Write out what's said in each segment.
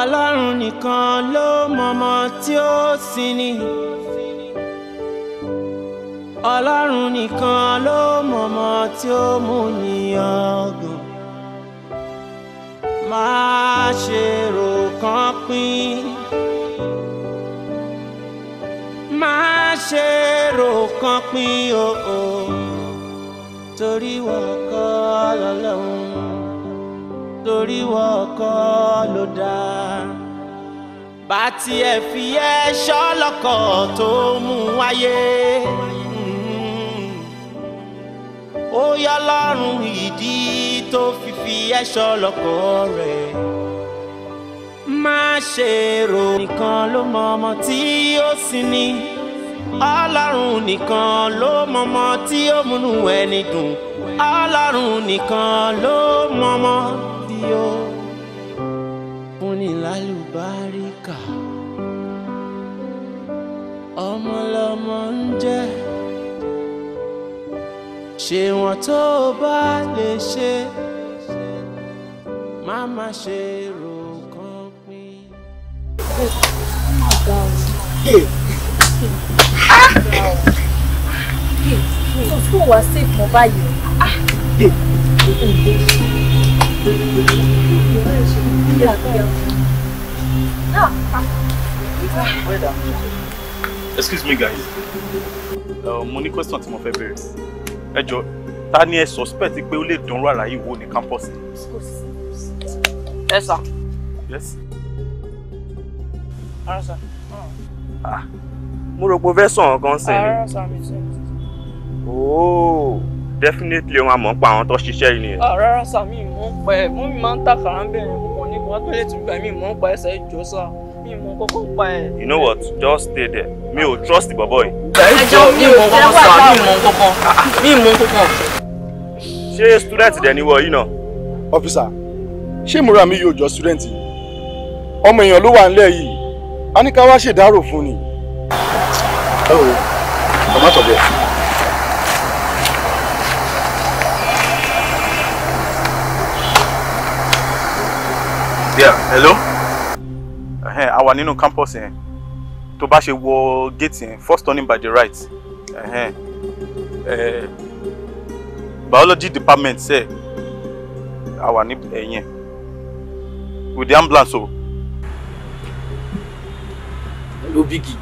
ọlọ́run nìkan ló mọ̀mọ́ tí ó sinmi ọlọ́run nìkan ló mọ̀mọ́ tí ó mú ni ọgàn má ṣe rò kán pín má ṣe rò kán pín o torí wọn kọ́ lọ́lọ́run torí wọ́kọ́ ló dáa bá tiẹ̀ fi ẹ́ ṣọ́lọ́kọ̀ tó mú wáyé ó yọ lọ́rùn ìdí tó fi fi ẹ́ ṣọ́lọ́kọ̀ rẹ̀ má ṣe rò nìkan ló mọ ọmọ tí ó sì ní ọlọ́run nìkan ló mọmọ tí ó múnú ẹni dùn ọlọ́run nìkan ló mọmọ yó fúnni lálùbáríkà ọmọ ń jẹ́ ṣe wọn tó bá lè ṣe má má ṣe rò kán pín. kò tún wá sí ìpọ́n báyìí. Excuse me, guys. Uh, Money question tí mo fẹ́ béèrè. Ẹ jọ, ta ni ẹ suspect pé ó lè dánrọ àlàyé campus? Yes, sir. Yes. Ah, sir. Ah, mo rò pé o fẹ́ sàn gan-an definitely wọn mọ̀ pa àwọn tó ṣiṣẹ́ yìí nìyẹn. Ah, rárá sá mi mọ̀ pa ẹ̀ mú mi máa ń tàkàrà ń bẹ̀rẹ̀ púpọ̀ nípa wọ́n tó lè tún gbà mí mọ̀ pa ẹ̀sẹ̀ ìjọ sá mi mọ̀ kọ́kọ́ pa ẹ̀. you know what just stay there me, ò trust the bọ̀bọ̀ yìí. ẹjọ́ mi mọ̀ kọ́kọ́ sá mi mọ̀ kọ́kọ́ ah, ah. mi mọ̀ kọ́kọ́. ṣé student dẹ̀ ni wọ yìí náà. officer ṣé ìmúra mi yóò jọ student yìí ọmọ èèyàn ló wà nílẹ̀ yìí a ní ká wá ṣèdárò fún ni. ẹ o tomato bẹ́ẹ̀. yeah hello ẹhẹn a wà nínú campus yẹn tó bá ṣe gate yẹn first turning by the right Hey, ẹ biology department ṣe a wà ní ẹ̀yìn with the ambulance o. hello bigi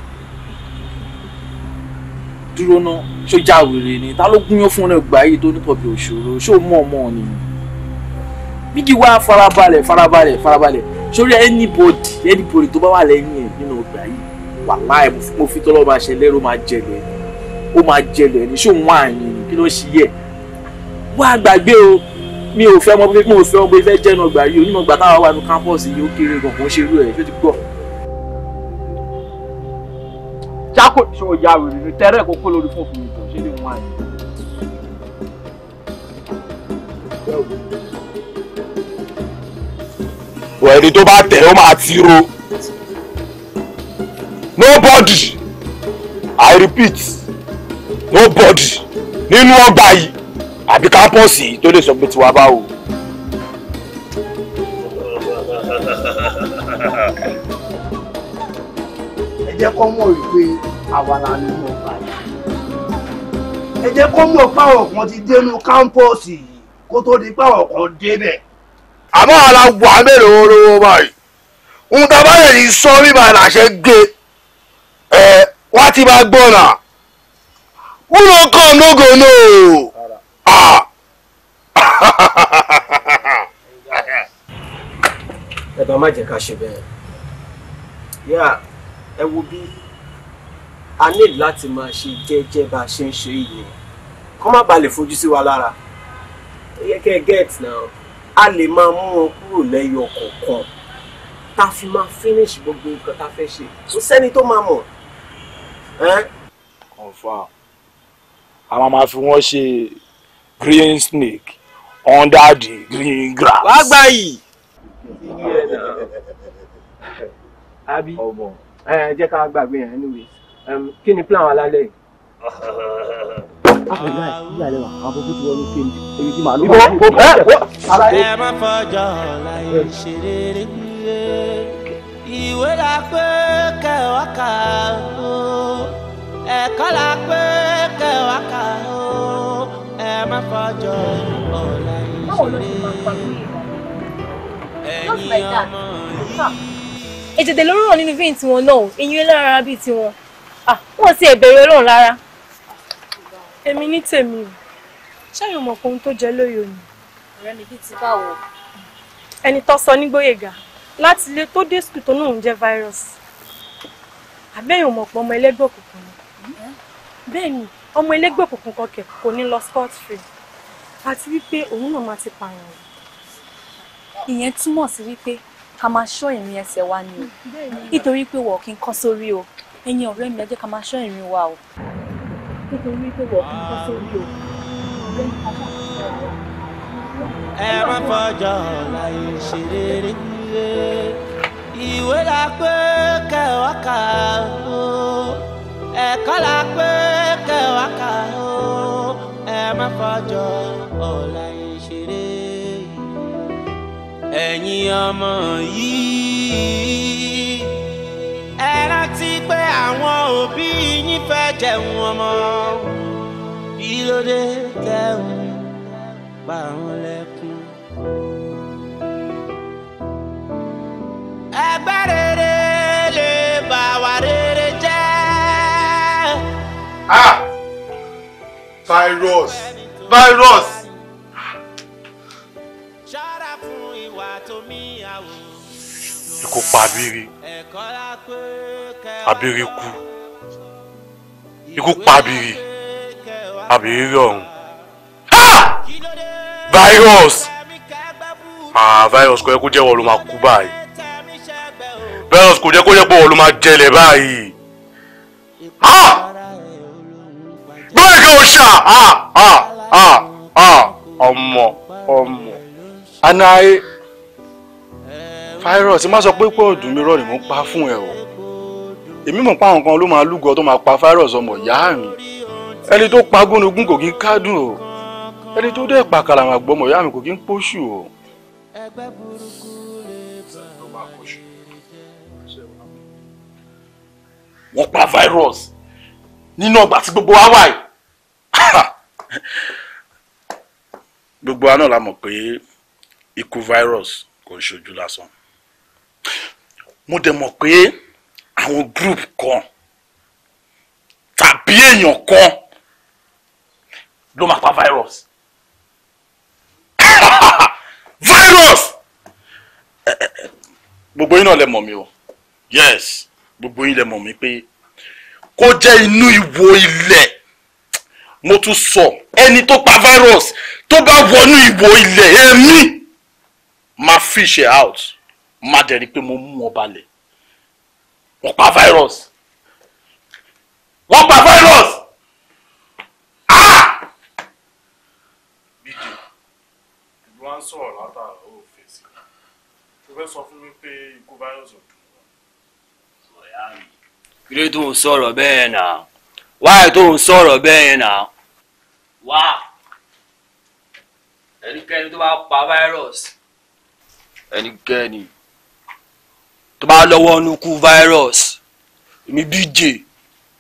dúró náà ṣó jáwèrè ni ta ló gúnyán fún ẹ gbà yìí tó ní pọ̀bì òṣòro ṣó mọ̀ ọ́ mọ̀ ọ́ nìyẹn. Bígì wá farabalẹ̀ farabalẹ̀ farabalẹ̀ sórí anybody anybody tó bá wà lẹ́yìn ẹ̀ nínú ọgbà yìí wàláì mo fi tọ́lọ́ máa ṣe lẹ́rú máa jẹlẹ̀ ni ó máa jẹlẹ̀ ni ṣé òun àyìn ni kí ló ṣe yẹ wá gbàgbé o mi ò fẹ́ mọ pé mo fẹ́ ọgbẹ́ fẹ́ jẹ́nu ọgbà yìí onímọ̀ ọgbà táwa wà ní kámpọ̀sì yìí ó kéré gan kò ń ṣe irú ẹ̀ ṣé ti gbọ́. jákò tí o ya wèrè tẹ́rẹ̀ kókó lórí fún òfin ìtàn ṣé lè mú àyè ẹni tó bá tẹ̀ ó máa ti ro nobody i repeat nobody nínú ọgbà yìí àbí kápọ́ọ̀sì tó lè sọ pé tiwa bá wò. ẹ jẹ́ kó mọ̀ wípé àwa la ní ọgbà yìí ẹ jẹ́ kó mọ̀ páwọn kan ti dénú kápọ́ọ̀sì kó tó di páwọn kan débẹ̀ àmọ́ ara wà mélòó olówó báyìí ohun tá a bá lè ní sọ bíbá làṣẹ gbé ẹ wá ti máa gbọ́nà wúlò kan nógò náà. ẹ bá má jẹ́ ká ṣe bẹ́ẹ̀ yá ẹ wo bí a ní láti máa ṣe jẹ́jẹ́ bá a ṣe ń ṣe yìí kó má bàa fojú sí wa lára ẹ yẹ kẹ́ ẹ get now a lè máa mú wọn kúrò lẹ́yọ kọ̀ọ̀kan tá a fi máa finish gbogbo nǹkan tá a fẹ́ ṣe kò sẹ́ni tó máa mọ̀. confam àwọn máa fi wọ́n ṣe green snake under the green grass. wàá gbà yìí. àbí jẹ́ ká gbàgbé yẹn anyway kí ni plan wa lálẹ́ yìí. ẹ má fọjọ́ láyé ṣeré ìwé la pé kẹwàá kà ó ẹ̀kọ́ la pé kẹwàá kà ó ẹ má fọjọ́ ọ̀la ìṣeré ẹ̀yin ọmọ yìí ètètè lórúkọ nínú fíìntì wọn náà eyín lára bíi tiwọn ah, wọn ti ẹbẹrẹ Ọlọ́run rárá èmi ní tèmi o ṣẹ́yìn mọ̀ ohun tó jẹ lóye òní. ọ̀rẹ́ mi bíi ti báwo. ẹni tó sọ nígbóyèga láti ilé tó dé sùkúl tó náà ń jẹ́ virus àbẹ́yìn mọ̀ pọ̀ ọmọ ẹlẹ́gbẹ́ òkùnkùn ni bẹ́ẹ̀ ni ọmọ ẹlẹ́gbẹ́ òkùnkùn kan kẹ̀ kò ní lọ scot free àti wípé òun náà máa ti pààyàn rẹ̀. ìyẹn túmọ̀ sí wípé ká máa ṣọ́ ìrìn ẹsẹ̀ wa ni o nítorí pé wọ́n kì í kán o ẹ̀yin ọ̀rẹ́ mi ẹ jẹ́ ká máa ṣọ́ wa o nítorí pé wọ́n kí wọ́n sórí o lẹ́yìn káṣà ẹ má fọjọ́ láyé ṣeré ìwé la pé kẹwàá kà ó ẹ̀kọ́ la pé kẹwàá kà ó ẹ fọjọ́ ọ̀la ìṣeré ẹ̀yin ọmọ yìí ẹ rántí pé àwọn òbí yín fẹ́ jẹun ọmọ kí ló pa àwọn lẹ́kún. ẹgbẹ́ rere lè bà wá rere jẹ́. ah virus virus. ikú pa bírí abiri kú ikú pa abiri abiri rí ah! virus ah virus kò yẹ kó jẹ́ wọ́n ló máa kú báyìí virus kò jẹ́ kó jẹ́ pé wọ́n ló máa jẹlẹ̀ báyìí ah gbọ́dọ̀ ṣá ah ah ah ah ọmọ ọmọ anáyé. Fáírọ̀sì má sọ pé pé ọ̀dùn mi rọ̀ ni mò ń pa fún ẹ o. Èmi mọ̀ pa àwọn kan ló máa lúgọ tó máa pa Fáírọ̀sì ọmọ ìyá mi. Ẹni tó pa gúnugún kò kí ń kádùn o. Ẹni tó dẹ̀ pa kàlàmà gbọmọ ìyá mi kò kí ń póṣù o. Wọ́n pa Fáírọ̀sì nínú ọgbà tí gbogbo wa wà yìí. Gbogbo wa náà la mọ̀ pé ikú virus kò ń ṣojú lásán mo dẹ̀ mọ̀ pé àwọn group kan tàbí èèyàn kan ló máa pa virus virus gbogbo yín náà lè mọ̀ mí o yes gbogbo yín lè mọ̀ mí pé kó jẹ́ inú ìwo ilẹ̀ mo tún sọ ẹni tó pa virus tó bá wọnú ìwo ilẹ̀ èmi máa fish out má dẹ̀ rí i pé mo mú wọn balẹ̀ wọ́n pa virus wọ́n pa virus ah. bíjì ìlú à ń sọ̀rọ̀ látara ó fèsì tó fẹ́ sọ fún mi pé ikú virus ò dùn wọn. kí ló tó ń sọ̀rọ̀ bẹ́ẹ̀ náà wáyé tó ń sọ̀rọ̀ bẹ́ẹ̀ náà wá ẹnikẹ́ni tó bá pa virus ẹnikẹ́ni tó bá lọ́wọ́ inú kú virus èmi bj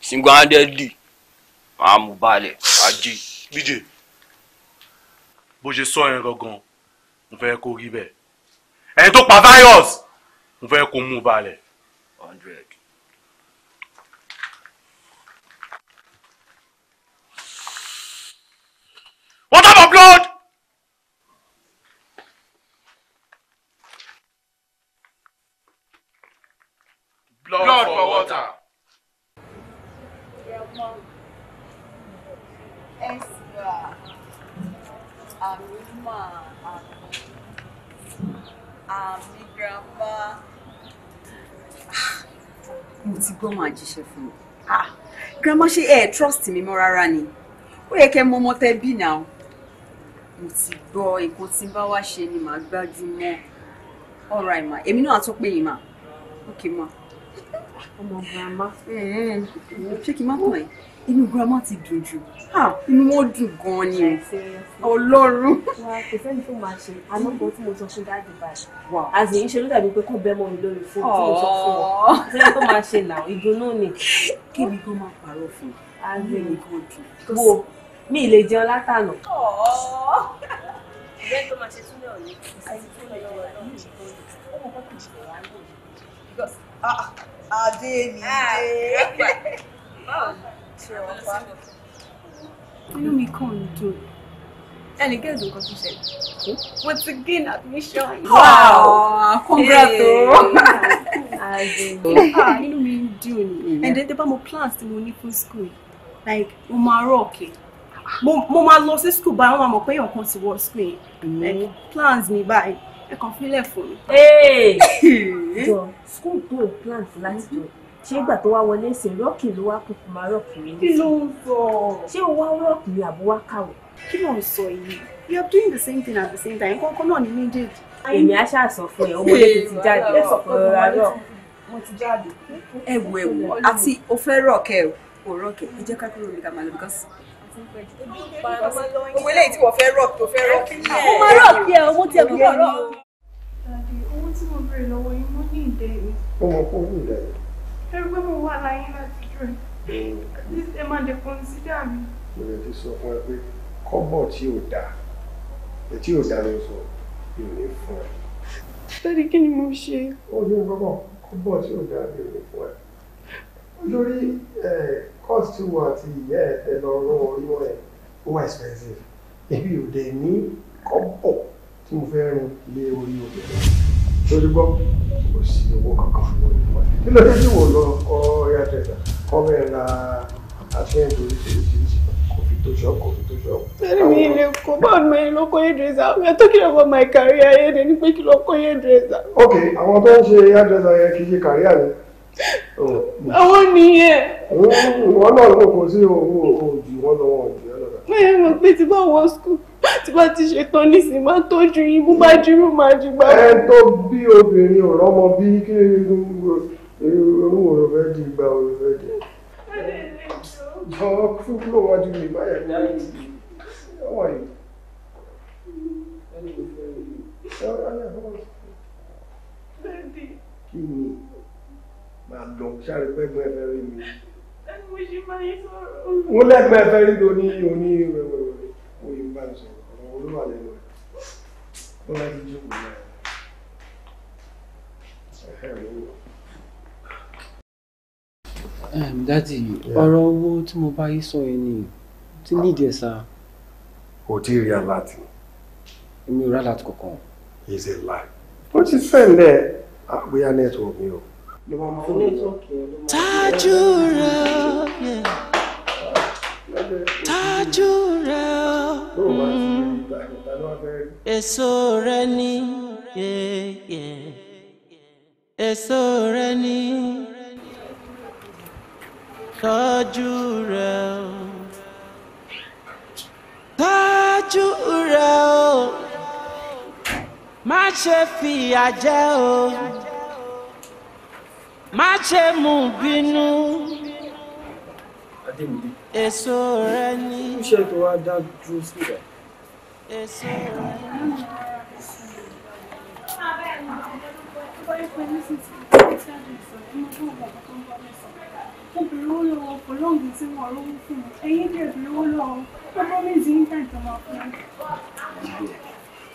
single handedly máa mú balẹ̀ ajé. bj bó ṣe sọ yẹn gangan mo fẹ́ kó rí bẹ́ẹ̀ ẹni tó pa virus mo fẹ́ kó mú balẹ̀. hundred. blood, blood for, for water. Àmìmà àmì àmì grandma. Mo ti gbọ́ máa jíṣẹ́ fún mi. Ah, grandma ṣe ẹ̀ eh, trust mi mọ́ rárá ni. Ó yẹ kẹ́ mọ ọmọ tẹ́ bí náà. Mo ti gbọ́ nǹkan tí bá wá ṣe ni màá gbájú mọ́. All right ma, èmi náà á tó pé yìí Okay ma ọmọ girama. Eh, ṣé kí n má pọ̀ ẹ́ inú girama ti dùn jù inú wọn dùn gan-an ni ọlọ́run. wà á kò sẹ́ni tó máa ṣe àmọ́ kan tí mo sọ fún dáàdì báyìí. àzì yìí ṣe ló dàbí pé kò bẹ́ mọ́ mi lórí fún tí mo sọ fún ọ sẹ́ni tó máa ṣe nà ìdùnnú ni. kí ni kó máa pààrọ̀ fún un. àgbẹ̀ mi kò dùn. wo mi ì lè jẹun látànà. ìgbẹ́ tó máa ṣe túnbẹ̀ òní àìsí tó lọ lọ́wọ́ ẹ̀ lọ́wọ́ ìṣòro ó mọ̀ kọ́kùn ìṣòro wà lónìí adé mi ah, dé. inú mi kàn ń dùn ẹnì gẹ́gẹ́ nǹkan tó ṣẹlẹ̀ mo ti admission. wow congrats o. Ah, inú mi ń dùn ni ẹ̀dẹ̀ tẹ́ bá mo plans tí mo ní fún school like mo máa rọ̀ mo máa lọ sí school ba wọ́n máa mọ̀ pé èèyàn kan ti wọ school yẹn mm-hmm. plans mi báyìí ẹ kàn fílẹ̀ fún mi. jọ school tó o plan fún láti jọ ṣé ìgbà tó wá wọlé ṣe rọ́ọ̀kì ló wá kúkú máa rọ́ọ̀kì mi nísìnyí. kí ló ń sọ. ṣé o wá rọ́ọ̀kì mi àbó wá kàwé. kí ló ń sọ yìí you are doing the same thing at the same time kọ́kọ́ náà ni méjèèjì. èmi á ṣàṣọ fún ẹ ọmọdé tó ti jáde rọra rọ. mo ti jáde. ẹ wo ẹ wo àti o fẹ́ rọ̀kẹ́ o rọ̀kẹ́ ẹ jẹ́ ká kúrò nígbà máa lọ because ti ń pẹ́ jù ojú ń pa ọmọ lọ́yìn. owó eléyìí tí wọ́n fẹ́ rock tó fẹ́ rock yìí. mo máa rock yẹ owó tí ẹ kò bọ̀ rock. dàbí owó tí mo béèrè lọ́wọ́ yín mo ní ìdẹ́ mi. ó mọ kó ní ìdẹ́ mi. ẹ rí pé mo wà láyé láti jọ ẹ má dé consider mi. mo lè ti sọ fún ẹ pé kọ́bọ̀ tí ò dáa ètí ò dáa ló sọ mi ò ní lórí cost tí wọ́n àti ìyá ẹ̀ tẹ lọ rán ọyọ́ ẹ̀ ó wà expensive èmi ò dẹ̀ ní kọ́pọ̀ tí mo fẹ́ rún lé orí obìnrin lórí gbọ́ kò sí owó kankan fún orí wọn nílò tó ti wò lọ kọ́ ẹ̀yà tẹ̀sán kọ́ bẹ́ẹ̀ ra àtúnyẹ̀ torí oríṣiríṣi kò fi tó ṣọ́ kò fi tó ṣọ́. ẹni mi lè kó bọ́ọ̀lù mi ló kó hairdresser we are talking about my career yẹn ni pé kí ló kó hairdresser. ok àwọn tó ń ṣe hairdresser yẹn kì í ṣe career àwọn nìyẹn. wọn náà ló kò sí owó òòjì wọn lọ wọn òòjì ọlọ́dà. báyọ̀ mọ̀ pé tí bá wọ skul tí bá ti ṣetán nísìn máa tọ́jú yín bó bá dúró máa jù gbà. ẹ tó bí obìnrin ò rọ́mọ bí kí irú òòrùn fẹ́ di ìgbà òòrùn fẹ́ di. jọ fún ló wá ju mi báyà ní ayé ọwọ́ yìí. kí ni máa lọ sáré pé ẹgbẹ́ ẹ̀fẹ́ rí mi. mo ṣe máa yí sọ̀rọ̀. wọ́n lẹ́gbẹ́ ẹ̀fẹ́ rí mi oní oní wẹ̀wẹ̀wẹ̀ oyin bá mi sọ̀rọ̀ ọ̀rọ̀ olúwa lẹ́nu ẹ̀ wọ́n láti jí òun náà ẹ̀hẹ́ ló wọ̀. dádì owó tí mo bá yí sọ yìí ni tí nídìí ẹ̀ sá. kò tí rí aláàtì. èmi ò rí aláàtì kankan. he is a lie. ó ti fẹ́ ǹlẹ́ àgbéyá network mi o. Tajura, yeah. Tajura, mm. Èso rẹ̀ yeah, yeah. Èso rẹ̀ ni, Tajura, oh. Tajura, oh. má ṣe fìyà jẹ o. Oh má ṣe mú bínú èso rẹ ní.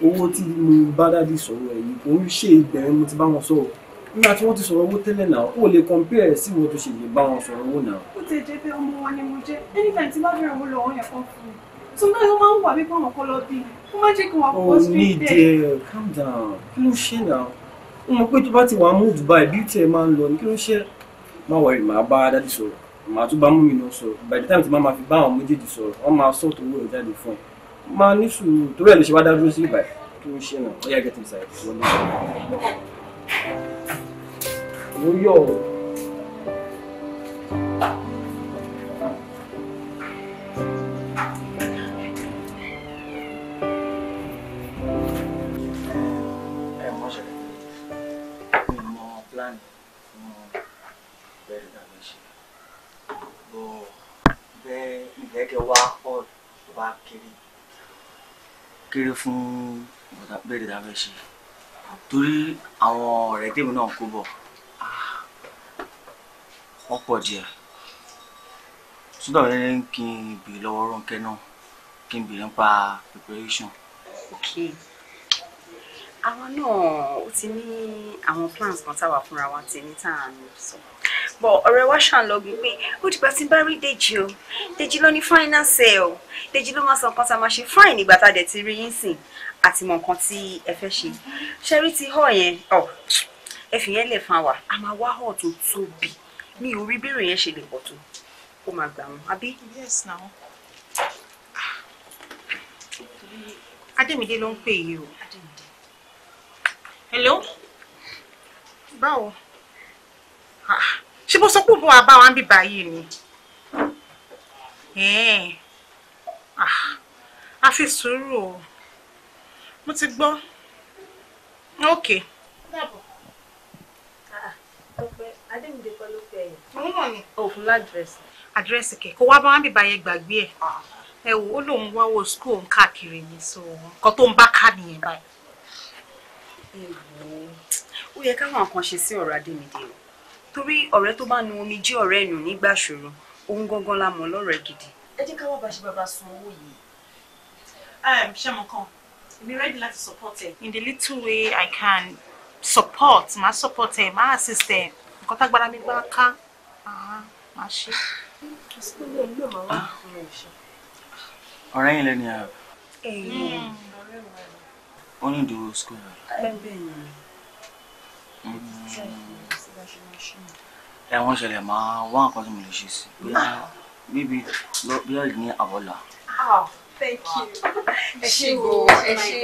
owó tí mo bá dádì sọ̀rọ̀ ẹ̀yìn kò ń ṣe ìbẹ̀rẹ̀ mo ti bá wọn sọ̀rọ̀ nígbà tí wọ́n ti sọ̀rọ̀ owó tẹ́lẹ̀ náà ó lè compare sí wo tó ṣe lè bá wọn sọ̀rọ̀ owó náà. ó ti jẹ́ pé ọmọ wọn ni mo jẹ́ anytime tí bá bẹ̀rẹ̀ owó lọ́wọ́ yẹn kan fún mi tùmọ̀ ló máa ń wà wípé wọn kọ́ lọ bí ó máa jẹ́ kí wọn kọ́ street there. oh nídìí calm down kí ló ṣe náà ó mọ pé tó bá ti wà mú Dubai bí tẹ máa ń lọ ní kí ló ṣe má wọrí màá bá dádì sọ̀rọ̀ màá tún bá múmi náà sọ̀rọ̀ by the time tí má máa fi bá àwọn méjèèjì sọ̀rọ̀ wọ́n máa sọ̀tò owó rẹ̀ jáde fún un máa ní sùúrù torí ẹ̀ lè ṣe wá dá dúró sí Dubai kí ló yọ̀ o. kéré fún bẹ̀rẹ̀ dáfẹ́ ṣe torí àwọn ọ̀rẹ́ tèmi náà kó bọ̀ ah, wọ́n pọ̀ díẹ̀ sódà rẹ̀ ń kí n bèrè lọ́wọ́ Rónkẹ́ náà kí n bèrè nípa preparation. ok àwa náà ó ti ní àwọn plans kan táwa fúnra wa ti ní tá à ń sọ bọ̀ ọ̀rẹ́ wa ṣàǹlọ́gbìn pé ó dìgbà tí bá rí Dèjì o Dèjì ló ní finance ẹ o Dèjì ló máa san nǹkan tá a máa ṣe fine nígbà tá a dẹ̀ ti rí yín sìn àti mọ nǹkan tí ẹ fẹ́ ṣe ṣẹ́rí ti hall yẹn ọ ẹ fìyẹn lẹ̀ fún wa a máa wá hall tó tóbi mi ò rí bèrè yẹn ṣe lè pọ̀ tó ó máa gbà wọn àbí. yes now Adémídé ló ń pè yìí o. hello báwo. Ah, ṣé bó sọ pé òun wà bá wa ń bí báyìí ni ah, a fi sùúrù o mo ti gbọ́ ok. òfin ládírẹ́sì. àdírẹ́sì kẹ̀ kó wá bá wa ń bí báyìí gbàgbé ẹ̀ ah. ẹ wò ó lòun wá wo school òun káàkiri ni so nǹkan tó ń bá ká nìyẹn báyìí. ó yẹ káwọn kan ṣe sí ọ̀rọ̀ adémídé o torí ọ̀rẹ́ tó bá nu omi jí ọ̀rẹ́ nù nígbà ṣòro òun gangan la mọ̀ lọ́rẹ̀ẹ́ gidi. ẹ jẹ́ ká wá bá ṣe bàbá san owó yìí. Um, ṣé mo kàn èmi ready láti support ẹ in the little way I can support máa support ẹ máa assist ẹ nǹkan tágbára mi gbá ká máa ṣe. ọ̀rẹ́ yín lẹ́ni ààrẹ. Mm. ó ní ìdúró school. ẹ bẹ́ẹ̀ ni. Mm ẹ wọ́n ṣẹlẹ̀ máa wá nǹkan tí mo lè ṣe sí bíbí bíyà ní àbọ̀là. thank you ẹ ṣe o ẹ ṣe.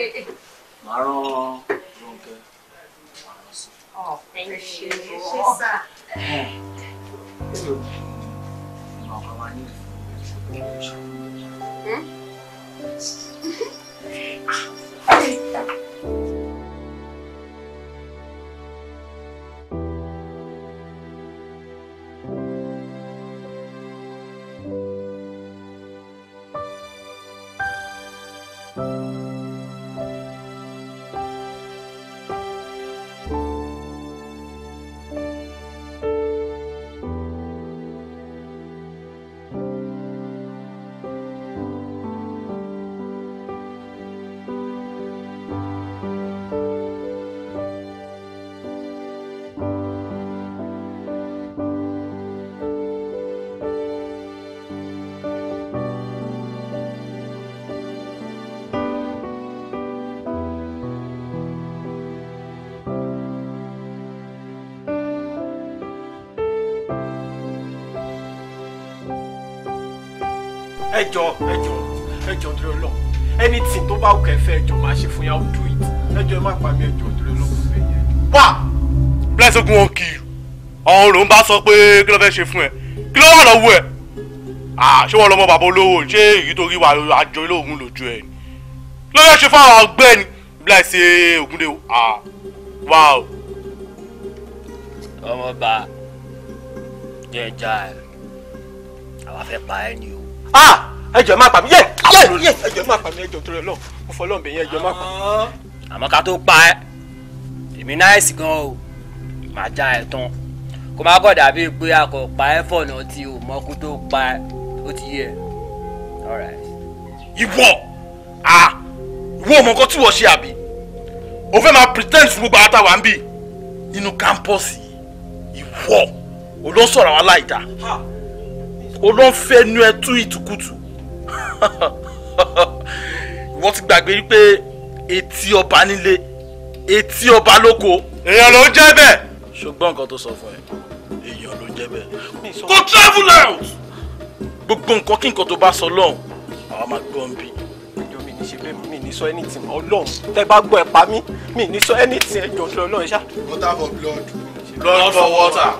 màá rán Rónkẹ́ màá rán sí. ẹ ṣe o ṣe sá. ìgbà ọ̀kan máa ní ìfowópamọ́. ẹ jọ ẹ jọ ẹ jọ nítorí Ọlọ́run anything tó bá wù kẹ́ fẹ́ ẹ jọ máa ṣe fún yà do it ẹ ẹ má pa mí ẹ jọ nítorí wá blessing wọn kì ọ̀hún ló ń bá sọ pé kí ló fẹ́ ṣe fún ẹ kí ló wà lọ́wọ́ ẹ ṣé wọn lọmọ bàbá olówó ṣé èyí tó rí wa àjọ olóògùn lójú ẹ ni ló yẹ ṣe fáwọn ọ̀gbẹ́ni bíláìsì ògúndé e, wa o. ọmọọba jẹjà ẹ àwa fẹ́ pa ẹ ni ah ẹjọ má pa mí yẹ yẹ ẹjọ má pa mí ẹjọ torí Ọlọ́run mo fọlọ́run bẹ̀yẹ ẹjọ má pa mí. Ah! àmọ́ ká tó pa ẹ́ èmi náìsì gan o màá já ẹ tán kó má kọ̀ dàbí pé a kò pa ẹ́ fọ̀nà tí o mọ kó tó pa ẹ́ ó ti yẹ. ìwọ ah ìwọ ọmọ nǹkan tí wọ́n ṣe àbí o fẹ́ máa pretend fún gbogbo àtàwà ń bì nínú kámpọ́ọ̀sì ìwọ olóṣọ̀rọ̀ aláìda. Ha olóńfẹ́ nu ẹ tú ìtukùtù ìwọ ti gbàgbé pé etí ọba nílé etí ọba lóko. èèyàn ló ń jẹ́ bẹ́ẹ̀. ṣùgbọ́n nǹkan tó sọ fún ẹ èèyàn ló ń jẹ́ bẹ́ẹ̀. kò travel out. gbogbo nǹkan kí nǹkan tó bá sọ lọ́hùn àwa máa gbọ́ bí. ẹjọ́ mi ní ṣe bẹ́ẹ̀ mi ní sọ anything ọlọ́run tẹ́ bá gbọ́ ẹ̀ pa mí mi ní sọ anything ẹjọ́ ọlọ́run ṣá. water for blood blood for water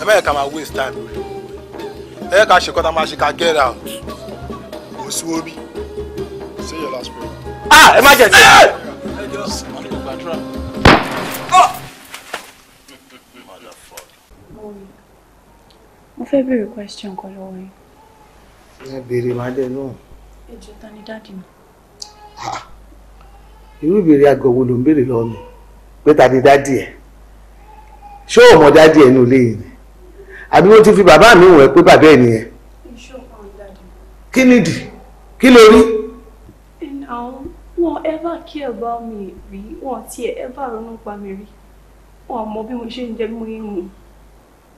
ẹ bẹ́ẹ̀ ká máa waste time rẹ̀ ẹ yẹ ká ṣe kọ́ta máa ṣe ká get out mo sí omi say your last prayer. ah ẹ má jẹ sí. mo fẹ́ béèrè question kan lọ́wọ́ yín. ẹ béèrè máa dẹ lóhùn. ẹ jọ ta ni dáàdì mi. Ah, irú ìbéèrè àgọ́ wo ló ń béèrè lọ́wọ́ mi pé ta ni dáàdì ẹ̀ ṣé o mọ̀ dáàdì ẹ̀ nù léyìn ni àbí wọ́n ti fi bàbá mi wọ̀ ẹ́ pé bàbá ẹ̀ nìyẹn. kí nìdí kí ló rí. wọn ever care about me rí wọn ti ever ronú pa mi rí wọn mọ bí mo ṣe ń jẹ mú irun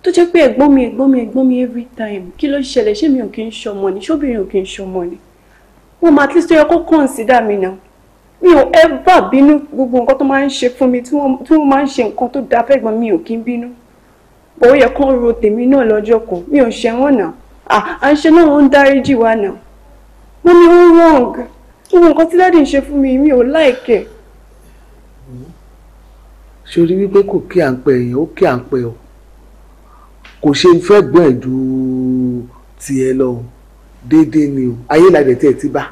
tó jẹ́ pé ẹ̀gbọ́n mi ẹ̀gbọ́n mi ẹ̀gbọ́n mi every time kí ló ṣẹlẹ̀ ṣé mi ò kí ń ṣọmọ ni ṣóbìnrin ò kí ń ṣọmọ ni wọn máa at least yẹ kó consider mi náà mi ò ever bínú gbogbo nǹkan tó máa ń ṣe fún mi tí wọ́n máa ń ṣe nǹkan tó dáa fẹ́gbọ́n mi ò kí ń bínú ó yẹ kó ro tèmi náà lọ́jọ́ kan mi ò ṣe wọ́n náà à ń ṣe náà ó ń dáríjì wa náà mo ní ó wrong gbogbo nǹkan tí dáàdì ń ṣe fún mi mi ò láìkẹ́. sori wípé kò kí à ń pẹ èèyàn ó kí à ń pẹ o kò ṣe ń fẹ́ gbọ́n ẹ̀ ju tiẹ̀ lọ o déédéé ni o ayé làdẹ̀ tẹ̀ ti bá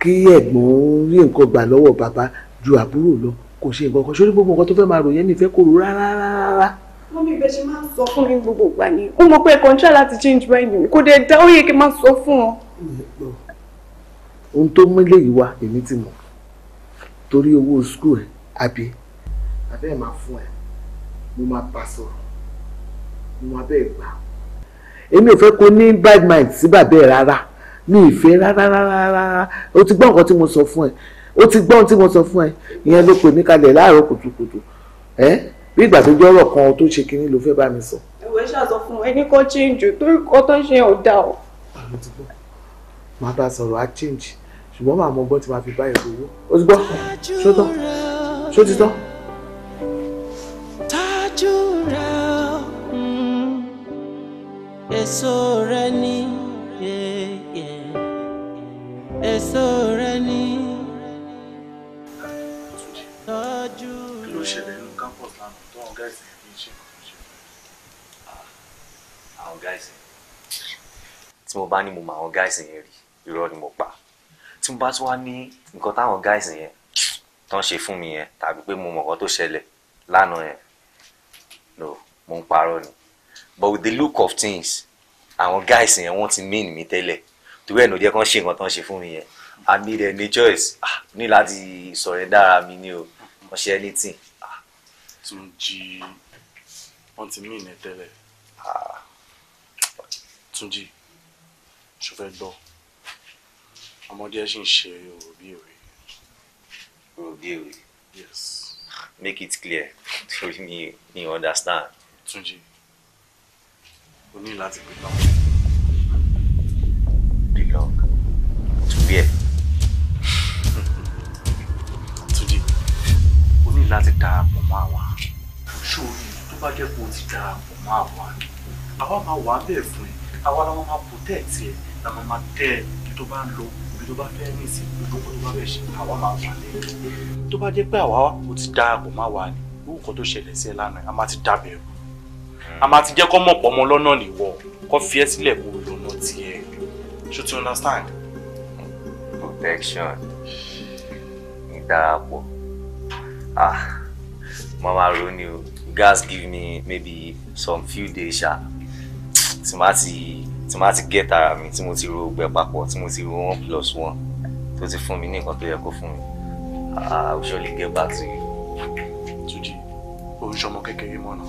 kí ẹ̀gbọ́n rí nǹkan gbà lọ́wọ́ bàbá ju àbúrò lọ kò ṣe nǹkan kan sórí gbogbo nǹkan tó fẹ́ máa ròyìn nífẹ̀ẹ́ kò rú rárá rárá mọ́mí ìbẹ́ ṣe mọ̀ pé ẹ ń try láti change mind mi kò dé dá ó kí n máa sọ fún ọ. ohun tó mú eléyìí wá èmi ti mọ̀ torí owó school ẹ̀ àbí abẹ́ ẹ̀ máa fún ẹ mo máa bá sọ̀rọ̀ mo máa bẹ́ẹ̀ gbà. èmi ò fẹ́ kó ní bad mind sí bàbá ẹ̀ rárá mi ì fẹ́ rárá rárá o ti gbọ́ nǹkan tí mo sọ fún ẹ o ti gbọ́ ohun tí mo sọ fún ẹ ìyẹn ló pè mí kalẹ̀ láàárọ̀ kùtùkùtù bí ìgbà tó jẹ́ ọ̀rọ̀ kan tó ṣe kinní ló fẹ́ bá mi sọ. ìwé ṣàtọ̀ fún ẹni kan chíǹjù torí kan tó ṣe ò dá o. àmì ti gbọ́ màá bá sọ̀rọ̀ á chíǹjì ṣùgbọ́n màá mọ ọgbọ́n tí màá fi bá ẹ̀kọ́ owó ó ti gbọ́ ṣótọ́ ṣótítọ́. tájú rẹ mm, èso rẹ ní èso rẹ ní. tọ́jú rẹ àwọn gáàsì yẹn bí iṣẹ́ kan ṣe àwọn gáàsì yẹn. tí mo bá ní mo mọ àwọn gáàsì yẹn rí ni mo pa tí mo bá tún wá ní nǹkan táwọn gáàsì yẹn tán ṣe fún mi yẹn tàbí pé mo mọ nǹkan tó ṣẹlẹ̀ lánàá yẹn no mo ń parọ́ ni but with the look of things àwọn gáàsì yẹn wọ́n ti mean mi tẹ́lẹ̀ torí ẹ̀ ló jẹ́ kán ṣe nǹkan tán ṣe fún mi yẹn i need any choice ah ní láti sọ̀rọ̀ dára mi ni o wọ́n ṣe anything tún jí wọ́n ti mí ìnẹ́ tẹ́lẹ̀ ah, túnjí ṣó fẹ́ gbọ́ ọmọdé ẹ ṣì ń ṣe òbí òwe. òbí oh, òwe. yes. make it clear torí me. mi understand. túnjí o ní láti belong. belong to where. láti darapọ̀ mọ́ àwa ṣòrí tó bá jẹ́ pé o ti darapọ̀ mọ́ àwa ni àwa máa wà á bẹ́ẹ̀ fún ẹ àwa la máa protect ẹ la máa tẹ ẹ ibi tó bá ń lọ ibi tó bá fẹ́ rìn sí gbogbo nǹkan tó bá fẹ́ ṣe àwa máa wà lẹ́yìn tó bá jẹ́ pé àwa o ti darapọ̀ mọ́ àwa ni gbogbo nǹkan tó ṣẹlẹ̀ sí ẹ lánàá a máa ti dábẹ̀rù a máa ti jẹ́ kọ́ mọ̀ pọ̀ mọ́ lọ́nà nìwọ kọ́ fi ẹ́ sílẹ̀ kó lọ́nà tiẹ̀ ṣùtì understand. protection ìdarapọ̀ Ah, Mama Roni, you guys give me maybe some few days sha. Tí màá ti tí màá ti get ara mi tí mo ti ro gbẹ papọ̀ tí mo ti ro one plus one tó ti fún mi ní nǹkan tó yẹ kó fún mi. Ah, I will surely get back to you. Tuji, o ń ṣọmọ kékeré mọ́ náà.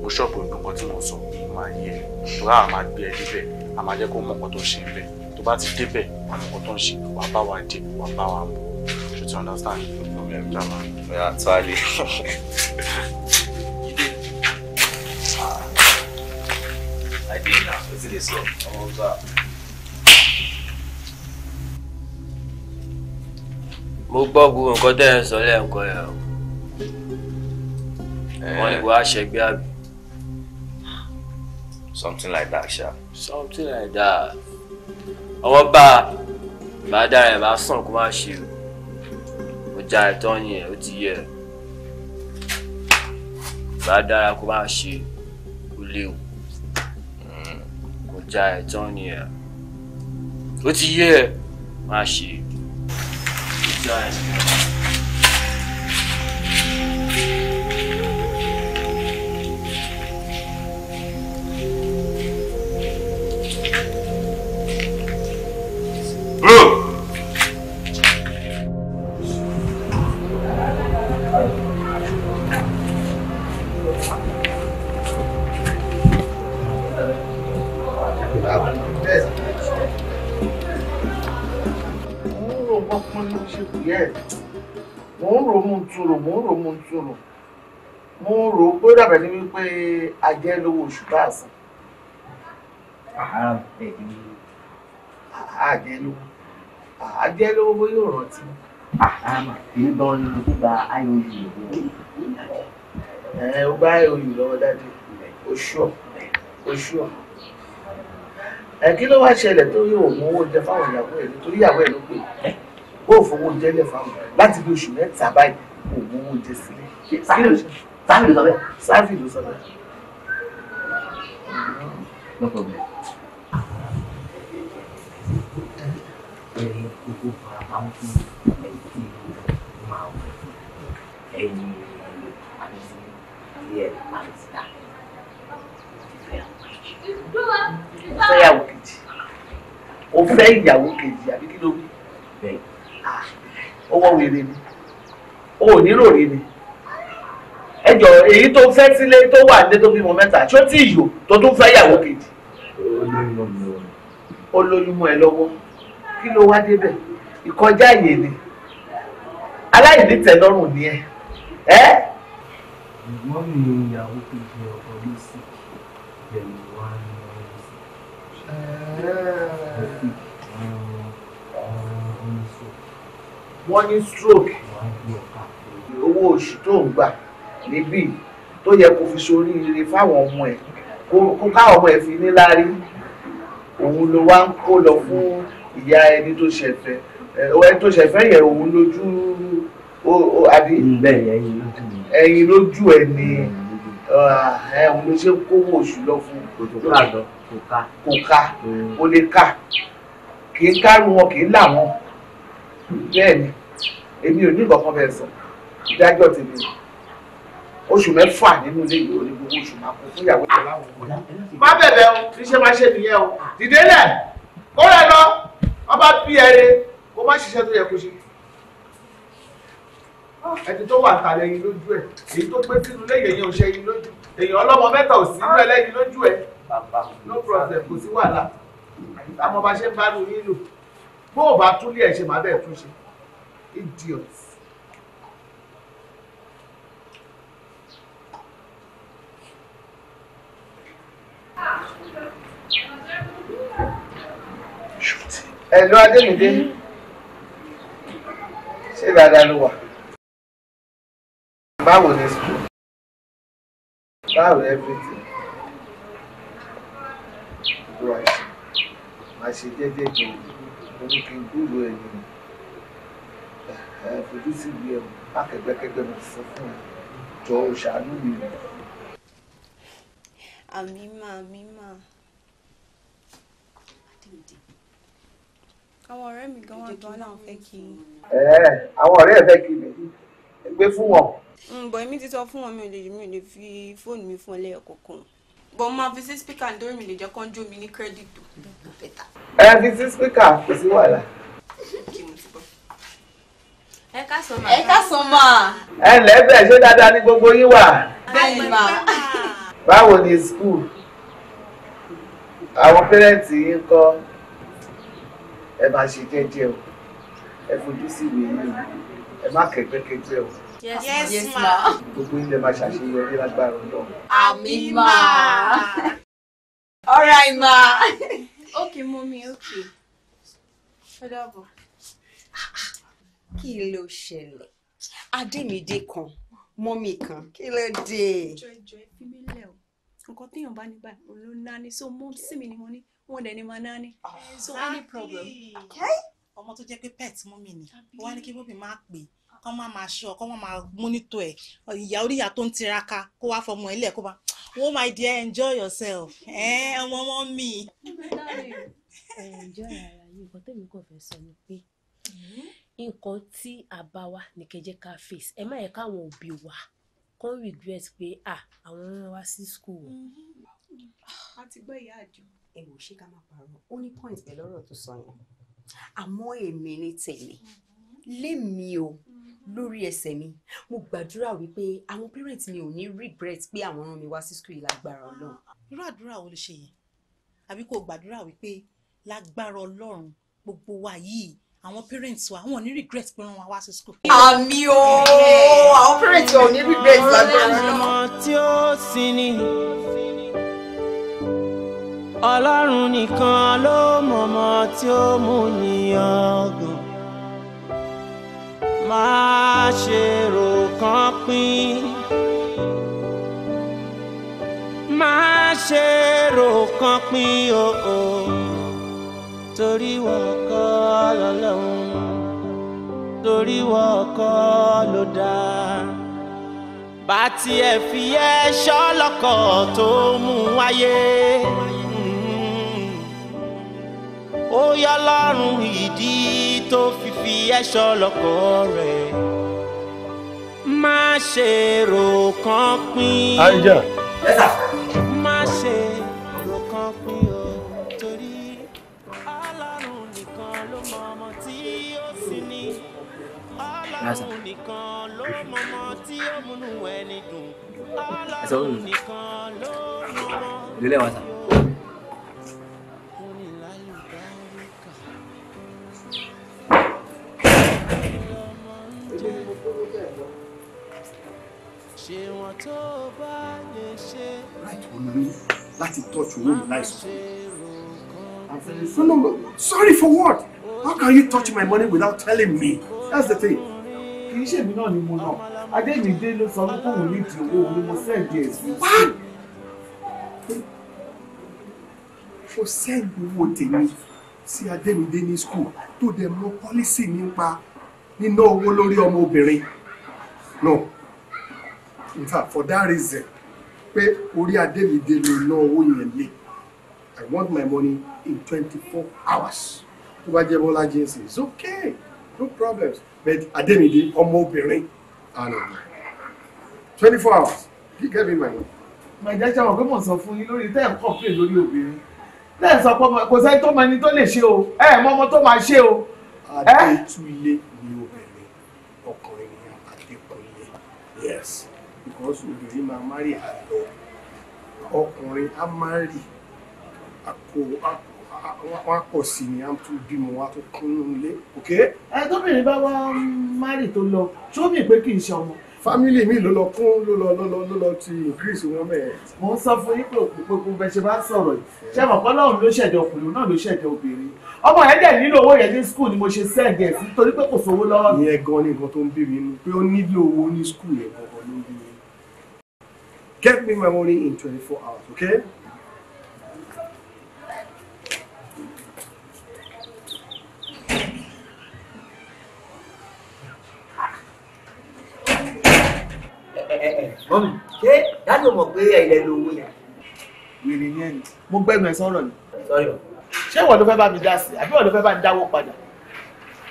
Mo ṣọ́ọ̀bù nǹkan tí mo sọ máa yé ẹ. Tòrá àmà gbé ẹ níbẹ̀, àmà jẹ́ kó mọ nǹkan tó ń ṣe níbẹ̀. Tó bá ti débẹ̀, àwọn nǹkan tó ń ṣe, wàá bá wa dé, wàá bá wa mọ̀. Ṣé understand? problem drama. Yeah, actually. you I did now. What's it so? How that? mo gbọ́ gbogbo nǹkan tẹ́ ẹ sọ lẹ́ẹ̀kan yẹn o eh. wọ́n ní wàá ṣẹgbẹ́ àbí. something like that ṣá. something like that ọmọ bá bá dára ẹ̀ bá sàn kó má ṣe o ọjà ẹ̀tọ́ yẹn ó ti yẹ bá dára kó bá ṣe ó léwu ọjà ẹ̀tọ́ yẹn ó ti yẹ má ṣe ọjà ẹ̀tọ́. ajẹ́ lówó oṣù tá a san. àjẹ́ lówó àjẹ́ lówó bóyá ò rántí. èmi bá wọn lọ sí gba ayọ̀ yìí lọ́wọ́. ẹ ó bá ayọ̀ yìí lọ́wọ́ dájú oṣù oṣù ẹ kí ló wá ṣẹlẹ̀ tó yóò mú owó jẹ fáwọn ìyàwó ẹ̀ nítorí ìyàwó ẹ̀ ló pè é ó fowó jẹ lẹ̀ fáwọn láti bí oṣù mẹ́ta báyìí kò owó jẹ sílẹ̀. sáfì ló sọ bẹ́ẹ̀. sáfì ló sọ bẹ́ẹ̀. No problem. Ẹyin gbogbo àwọn fún ẹyin tí máa wọ ẹyin àti ilé ẹ̀ máa ń sá. Fẹ́ ìyàwó kejì. O fẹ́ ìyàwó kejì àbí kí ló wí? Bẹ́ẹ̀. Ó wọ́ wèrè ni. O ò ní rò rí ni ẹjọ èyí tó fẹ́ sílé tó wà nílé tó bímọ mẹ́ta ṣó tí ìyò tó tún fẹ́ yàwó kejì. olóyún mọ́ ẹ lọ́wọ́ kí ló wá débẹ̀ ìkọjá àyè ni aláìní tẹ́lọ́rùn ni ẹ ẹ́. ìgbọ́n mi ìyàwó kejì ọkọ ló sì bẹ̀rù wá ní ọ̀rọ̀ sí. wọ́n ní stroke owó oṣù tó ń gbà níbí tó yẹ kó fi soríire fáwọn ọmọ ẹ̀ kó káwọn ọmọ ẹ̀ fi níláárí òun ló wá ń kó lọ fún ìyá ẹni tó ṣẹ̀fẹ̀ ẹni tó ṣẹ̀fẹ̀ yẹ òun lójú àbí ẹ̀yìn lójú ẹ̀ ni ẹ̀hún ló ṣe ń kówó oṣù lọ fún kò ká kò mm. lè ká kì í kárù wọn kì í là wọn bẹ́ẹ̀ ni èmi ò ní nǹkan kan bẹ́ẹ̀ sọ ìdájọ́ tèmi rè oṣù mẹ́fà nínú ilé yìí òní gbogbo oṣù máa kó fún ìyàwó ìjọba òun. má bẹ̀bẹ̀ o níṣẹ́ máa ṣe nìyẹn o dìde lẹ̀ kó rẹ lọ wọ́n bá bí ẹrẹ kó má ṣiṣẹ́ tó yẹ kó ṣe. ẹni tó wà tàlẹ̀ yìí lójú ẹ̀ èyí tó pé sínú lẹ́yìn èyàn òṣè yìí lójú èyàn ọlọ́mọ mẹ́ta ò sí rẹ̀ lẹ́yìn lójú ẹ̀ no problem kò sí wàhálà àmọ́ bá ṣe ń bá lù yín lò bó o bá túlẹ̀ ẹ̀ ṣe má bẹ́ẹ̀ tún ṣe idiot. ẹ̀lú adémídé ṣé dáadáa ló wà báwo ni sùn báwo everything right máa ṣe déédéé gan mo ní kí n gbúrò ẹ̀yìn ẹ̀ fojú sí ìwé ẹ̀ akẹgbẹ́kẹgbẹ́ mo sọ fún ẹ jọ òṣàánú mi A àmì mà àmì mà. àwọn ọ̀rẹ́ mi gan wà gan láwọn fẹ́ kí i. ẹ ẹ àwọn ọ̀rẹ́ ẹ fẹ́ kí mi gbé fún wọn. Mm, bọ̀ èmi ti sọ fún wọn mi ò lè mi ò lè fi fóònù mi fún ọ lẹ́yọ̀kọ̀ọ̀kan bọ̀ máa fi sí spíkà nítorí mi lè jẹ́ kán jó mi ní kírẹ́dìtì ẹ fi sí spíkà kò sí wàhálà. ẹ ká sọ mà. ẹ ká sọ mà. ẹ lẹ́bẹ̀ẹ́ ṣé dáadáa ni gbogbo yín wà. bẹ́ẹ̀ ni mà báwo ni school àwọn pẹ́rẹ́ǹtì yìí ń kọ́ ẹ máa ṣe jẹ́jẹ́ o ẹ fojú sí ìwé yìí ẹ má kẹ́gbẹ́kẹ́gbẹ́ o. yes yes ma. gbogbo ilé máa ṣàṣeyọrí lágbára ọ̀dọ́. àmín ma. all right ma. okay mummy okay. ó dàbọ̀. kí ló ṣẹlẹ̀ adémídé kan mọ́mì kan kí ló dé. ìjọ ìjọ ẹ fi mí lẹ̀ o nǹkan téèyàn bá nígbà ló nání so mọ sí mi ni mo ní wọn dẹ ni máa nání ah. so any problem. ọmọ tó jẹ́ pé pet mọ́mì ni wọ́n á ní kí bóbi máa pè é kọ́ máa máa ṣọ́ kọ́ máa máa mónítọ̀ ẹ̀ ìyá oríyá tó ń tiraka kó wá fọmọ ẹ̀ lẹ̀ kó máa oh my dear enjoy yourself ọmọ ọmọ mi. enjoy ara yìí nǹkan tèmi kò fẹ́ sọ ni pé mm-hmm nǹkan tí a bá wá ní kẹjẹ ká face ẹ má yẹ káwọn òbí wa kan regret pé ah àwọn rán wa sí school. Mm-hmm. a ti gbọ́ ìyá àjò. ẹ wò ṣé ká má parọ́ ó ní point pẹ̀lú ọ̀rọ̀ tó sọ yẹn àmọ́ èmi ní tèmi mm-hmm. lémi o mm-hmm. lórí ẹsẹ̀ mi mo gbàdúrà wípé àwọn parents mi ò ní regret pé àwọn rán mi wá sí school lágbára ọlọ́run. irú àdúrà wo ló ṣe yẹn àbí kò gbàdúrà wípé lágbára ọlọ́run gbogbo wa yìí àwọn parents wa wọn ò ní regret pé wọn wá sí school. àmì o àwọn parents wa ò ní regret lágbára náà. ọlọ́run nìkan ló mọ̀mọ́ tí ó mú ní ọgàn má ṣe rò kán pín má ṣe rò kán pín o torí wọn kọ́ lọ́lọ́run torí wọn kọ́ ló dáa bá tiẹ̀ fi ẹ́ ṣọ́lọ́kọ̀ tó mú wáyé ó yọ lọ́rùn ìdí tó fi fi ẹ́ ṣọ́lọ́kọ̀ rẹ̀ má ṣe rò kán pín. àìjà. ẹ sà. lásán. ẹ sọ wọ́n lulẹ̀ wá sá. ṣe wọn tó bá lè ṣe. láti olórí láti no no sorry for what how can you touch my money without telling me that's the thing kì í ṣèmi náà ni mo lọ adémídé ló sọ wípé òun ní ìdí owó òun mo sẹ́ẹ̀dì ẹ̀sìn sí i. o sẹ́ẹ̀dì owó tèmi sí adémídé ní skul tó dẹ̀ mọ pọ́lísì nípa níná owó lórí ọmọbìnrin náà in fact for that reason pé orí adémídé ló ná owó yẹn lé i want my money in twenty four hours tó bá jẹ́ bọ́lá jẹ́ sè it's okay no problems but Adémídé ọmọbìnrin àná ah, twenty four hours kí kẹ́mi mà yín. màjá ṣe àwọn gbọ́mọ̀ sọ fún yín lórí tẹ́ ẹ̀ kọ́ pé lórí obìnrin tẹ́ ẹ̀ sọ pé kò sẹ́ni tó máa ní tó lè ṣe o ẹ̀ ẹ̀ mọ ọmọ tó máa ṣe o. Adétúnlé ni obìnrin ọkùnrin ni Adékúnlé yes because obìnrin máa má rí àlọ ọkùnrin á má rí àkó àkó wọn pọ̀ sí ni a tún bímọ wa tó kún un lé ok. ẹ tóbìnrin bá wá mari tó lọ sómi pé kì í ṣe ọmọ. fámìlì mi ló lọ kún ló lọ ló lọ ló lọ ti increase wọn bẹ́ẹ̀. mo ń sọ fún yín pé òpópó bẹ ṣe bá sọ̀rọ̀ yìí ṣé mọ̀ kọ́lọ́run ló ṣẹ̀dẹ̀ ọkùnrin náà ló ṣẹ̀dẹ̀ obìnrin ọmọ yẹn dẹ̀ nílò owó yẹn ní skul ni mo ṣe sẹ́ẹ̀gẹ̀ sí torí pé kò sówó lọ́wọ́. ìyẹn gan ni nǹkan tó ń bí mi nù pé ó nílò owó ní skul yẹn gangan ló ń bí mi. get me my money in twenty four hours okay. ẹ ẹ mọ́mí ṣé dáàbò mọ̀ pé ilẹ̀ lówó yẹn. wèrè yẹn ni mo gbẹ́nu ẹ̀ sọ̀rọ̀ ni. sọ̀rọ̀. ṣé ìwọ ló fẹ́ bá mi dá sí àbí ìwọ ló fẹ́ bá mi dáwó padà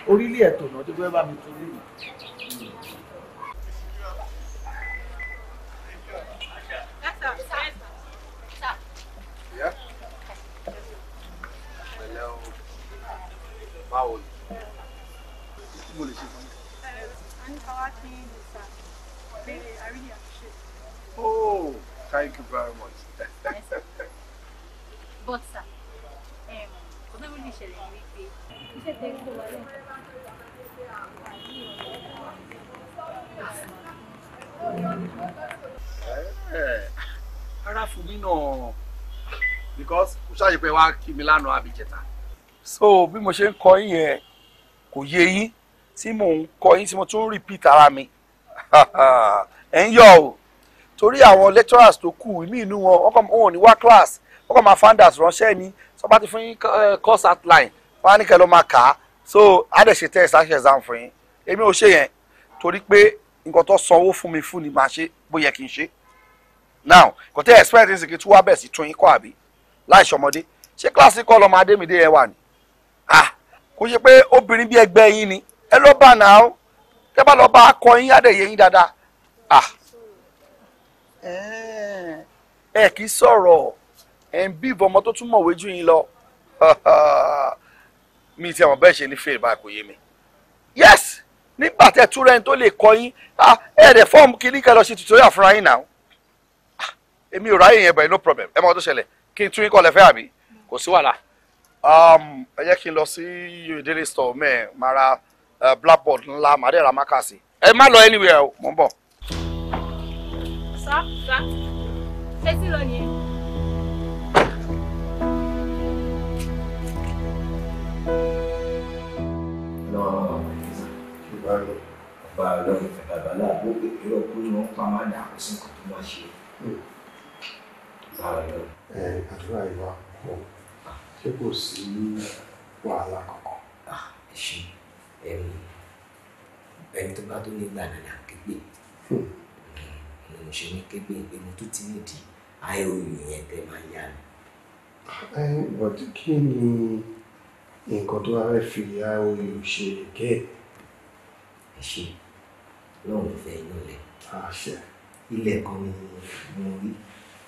orílẹ̀ ẹ̀tọ́ náà tó fẹ́ bá mi torí rẹ̀. báwo ni. Oh, thank you very much. Yes, sir. But, sir, um, ọdún mi ní ìṣẹ̀lẹ̀ yìí wípé iṣẹ́ tẹ̀ ń kó wa lẹ́yìn. Eh, ara fún mi náà because kò ṣáàyè pé wá kí mi lánàá àbíjẹta. So bí mo ṣe ń kọ yín yẹn kò yé yín tí mò ń kọ yín tí mo tún repeat ara mi ẹ̀ ń yọ̀ o torí àwọn lecturers tó kù ìmí inú wọn wọn kàn ní wá class wọn kàn máa founders ránṣẹ́ ni sọ bá ti fún yín eh, course outline wọn á ní kẹ́ ló máa kà á so á dẹ̀ ṣe test á ṣe exam fún yín èmi ò ṣe yẹn torí pé nǹkan tó sanwó fún mi fún ni màá ṣe bó yẹ kí n ṣe now kò tẹ́ expect ní sìnkì tí wọ́n á bẹ̀ sí tún yín kọ́ àbí láì ṣọmọdé ṣé kíláàsì kọ́ lọ́mọ adémídé ẹ wà ní ah kò ṣe pé obìnrin bí ẹgbẹ́ yín ni ẹ lọ́ bá náà tẹ́ bá lọ́ bá akọ yín á dẹ̀ yẹ yín dáadáa ah ẹ kì í sọ̀rọ̀ ẹ̀ ń bí ìbọn ọmọ tó tún mọ̀wé jù yín lọ mi ti àwọn bẹ́ẹ̀ ṣe ní fèrè báyìí kò yé mi yes nígbà tẹ tú rẹ́ni tó lè kọ yín ẹ rẹ̀ fọ́ọ̀mù kí ní kẹ́ lọ ṣe tutorial fúnra yín náà ah, èmi ò ráyè yẹn bẹ̀rẹ̀ no problem ẹ mọ ohun tó ṣẹlẹ̀ kí n tún yín kọ́ lẹ́fẹ́ àbí kò sí wàhálà. Um, ẹ jẹ́ kí n lọ sí Daily store mẹ́ẹ̀ máa ra eh, blackboard ńlá màdẹ́ra mákàsí ẹ má lọ anywhere o ń bọ̀ sá sá fẹsí lọ nìyẹn. ọba ọlọ́run fẹ̀dà bàálà ló pè é lọ pé wọ́n pa máa dà kó sí nǹkan tó máa ṣe. àdúrà ìwà pọ̀ ṣé kò sí wàhálà kankan. Ah, ẹ ṣe ẹni tó bá mo ṣe ní képe pé mo tún ti nídìí iou yẹn tẹ máa yá mi. ẹ but kí ni nǹkan tó wá fẹ́ fi iou ṣe kẹ́ ẹ ṣe lọ́run fẹ́ inú lẹ̀. àṣẹ. ilẹ̀ kan ni mo rí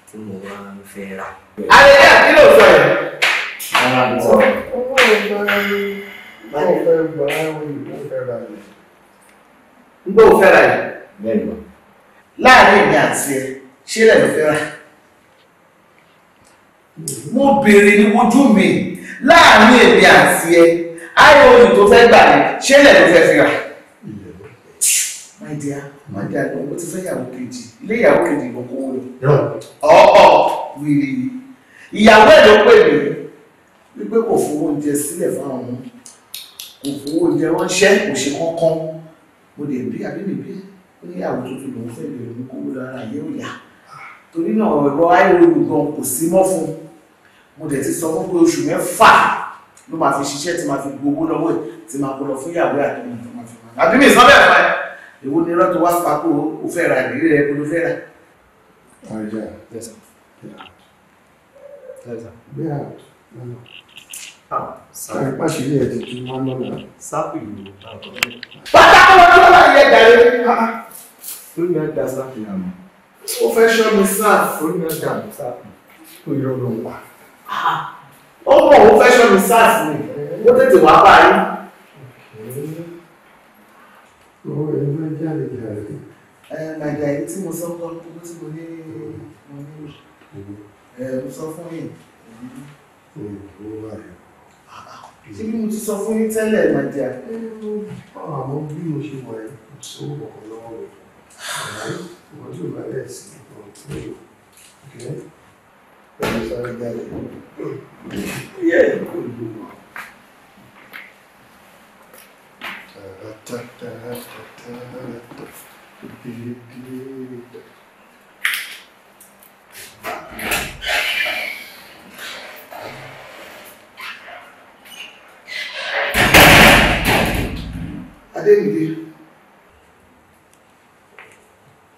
tí mo wá ń fẹ́ rà. ayẹyẹ kí ló sọ yìí. ara mi sọ. owó ìgbà yìí wọ́n fẹ́ gbà iou wọ́n fẹ́ rà yìí. ń bò fẹ́ rà yìí. bẹ́ẹ̀ ni wọ́n láàrin èmi àti ẹ ṣé lẹ́nu fẹ́ rà mo béèrè ní ojú mi láàrin èmi àti ẹ ayé omi tó fẹ́ gbà ní ṣé lẹ́nu fẹ́ fi rà my dear my dear lọ mo ti fẹ́ yàwó kejì ilé ìyàwó kejì ìbọn kó wọlé ọ̀ọ́ wíìlì ìyàwó ẹ̀ ló pè mí wípé kò fowó oúnjẹ sílẹ̀ fáwọn kò fowó oúnjẹ ránṣẹ́ kò ṣe kankan mo lè bí àbí mi bí ẹ níyàwó tuntun lòún fẹ́ bèrè ní kó lóra ara yóò yá torí náà ẹ̀rọ ayélujára gan kò sí mọ́ fún mo dẹ̀ ti sọ fún pé oṣù mẹ́fà ló máa fi ṣiṣẹ́ tí máa fi gbowó lọ́wọ́ ẹ̀ tí máa kó lọ fún ìyàwó àdúgbò tó máa fi máa àdúgbò ìsọ́bẹ̀ fún ẹ èwo ni lọ́tọ̀ wá pa kó o fẹ́ ra ìrírí rẹ kó ló fẹ́ rà. Yes, sir. Yes, sir. Ìpá ṣílẹ̀ ẹ̀dẹ̀ tí wọ́n mọ́ náà. Sáàpù ìlú àbọ̀. Bàtà kọ́lọ́ tó wà ní ẹ̀dà rẹ̀. Lónìí ẹ̀dà sáàpù yàrá. Ó fẹ́ ṣọ́ mi sáàpù. Lónìí ẹ̀dà sáàpù. Ó yọ lọ wà. Ah, ó mọ̀ ó fẹ́ ṣọ́ mi sáàpù ni. Ó tètè wá bá yín. Owó ẹni máa jáde jáde. Ẹ Nàìjíríà yìí tí mo sọ fún ọ tí mo ní mo ní mo sọ fún yìí ṣé mo ti sọ fún yín tẹ́lẹ̀ máa jà. àmọ́ bí mo ṣe wà ẹ́ kò sówó lọ́wọ́ mi ìwọ yóò bá rẹ̀ sí ọ̀rọ̀ tó yọ ọ̀kẹ́ pẹ̀lú sáré jáde. yẹ kò lù wá. Thank you. adéǹde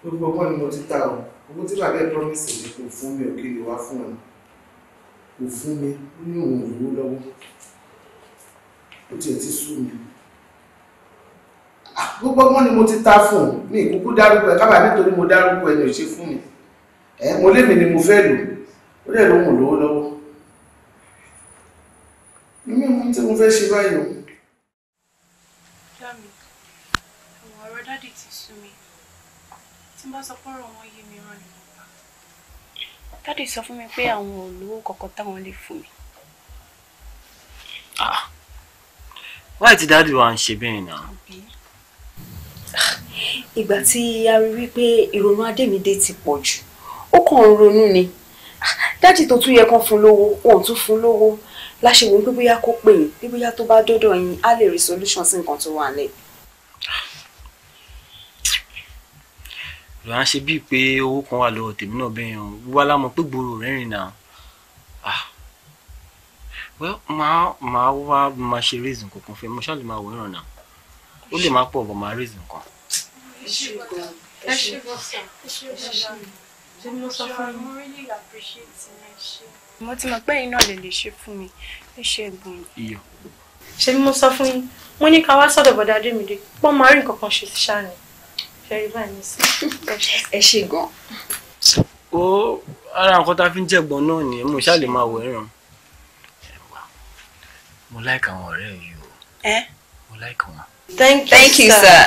gbogbo ọgbọ́n ni mo ti ta ọ owó tí bàbá ẹ̀ promise mi kò fún mi òkè lè wá fún ọ kò fún mi ó ní òun òwú lọ́wọ́ ó tiẹ̀ ti sú mi ah, gbogbo ọgbọ́n ni mo ti ta fún un ní ìkúkú dárúkọ ẹ̀ kábàá nítorí mo dárúkọ ẹ̀ ní òṣè fún mi ẹ̀ mo lémi ni mo fẹ́ lò ó dẹ̀ lóhùn lówó lọ́wọ́ mi ò tí mo fẹ́ ṣe báyìí o. n bá sọ pé ọ̀rọ̀ wọn yé mi rán ni mo pa. dádì sọ fún mi pé àwọn ò lówó kọ̀ọ̀kan táwọn lè fún mi. wáyé tí dádì wa ń ṣe bẹ́ẹ̀ náà. Ah, ìgbà tí a rí wípé ìrònú adémídé ti pọ̀ jù ó kàn ń ronú ni ah, dádì tó tún yẹ kán fún lówó wọn ò tún fún lówó láṣẹ wọn pé bóyá kó pè yín bí bóyá tó bá dọ́dọ̀ yín á lè rí solution sí nǹkan tó wà lẹ́yìn. ló wá ṣe bíi pé owó kan wà lọ́wọ́ tèmi náà bẹ́ẹ̀ yàn wíwá lámọ̀ pé gbòòrò rẹ́rìn náà ah well màá màá wá máa ṣe reason kankan fún mi mo ṣáà lè máa wòran náà ó lè má pọ̀ bọ̀ máa reason kan. ẹ ṣe bọ́ sọ ẹ ṣe bọ́ sọ ṣe mo sọ fún mi. mo really appreciate ẹ ṣe. mo ti mọ̀ pé ẹ̀yin náà lè lè ṣe fún mi ẹ ṣe ẹ̀gbọ́n ṣe bí mo sọ fún yín mo ní ká wá sọ́dọ̀ bọ̀dá adémídé pọ́n máa rí nǹkan kan ṣe sí ṣáà ni ẹ gan. ó ara nǹkan tá a fi ń jẹ̀gbọ́n náà ni mo ṣáà lè máa wọ ẹ̀ràn. mo láìka àwọn ọ̀rẹ́ yìí o. ẹ mo láìka wọn. thank you thank you sir.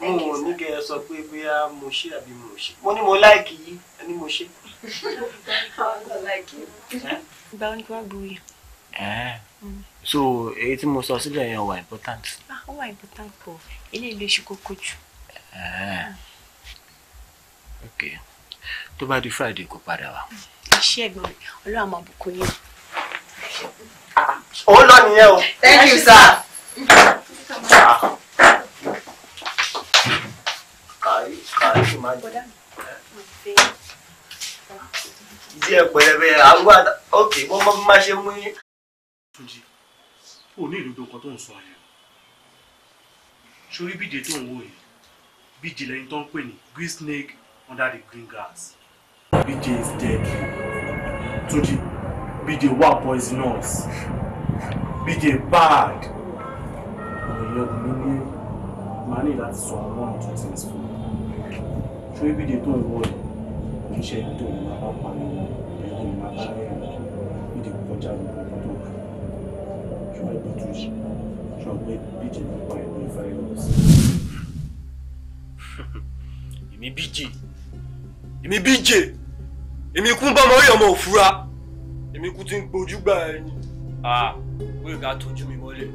mo ò ní kẹ́ ẹ sọ pé bóyá mo ṣe àbí mo ṣe mo ní mo láìkì yìí ẹni mo ṣe. ìgbà ni kí wàá gbóyè. so èyí tí mo sọ sílẹ̀ yẹn wà important. Ah, wà important o eléyìí ló ṣe kókó jù. Eh. ok tó bá di friday kò padà wá. ẹ ṣé ẹ̀gbọ́n mi Ọlọ́run àmọ́ àbùkù yín. òun lọ nìyẹn o. thank you sir. kàrí kàrí kò má jẹ. díẹ̀ pẹlẹbẹ àwọn ok mo máa ṣe mú yín. Túnjí o ní ìlú tó kọ tó ń sọ yẹn sórí bídè tó ń wò yìí BJ lẹ́yìn tó ń pè ní green snake under the green grass. BJ is dead Túnjí BJ wà poisonous BJ bad ọ̀rọ̀ ìyẹn mi ní màá ní láti sọ àwọn ọ̀nà tó ti ń sọ ṣé BJ tó ń wọ̀ kò ń ṣe ẹni tó ní máa bá pa ní ẹni ní máa bá rẹ̀ BJ kọjá gbogbo ọ̀pọ̀ tó kù ṣùgbọ́n ìgbà tó ṣe ṣùgbọ́n BJ ló pa ẹ̀rọ ìfẹ́ lọ sí i èmi bíje èmi bíje èmi kún bá ọmọ orí ọmọ òfura èmi kún ti ń gbojú gbà ẹni gbóyèga tójú mi mọ́lẹ̀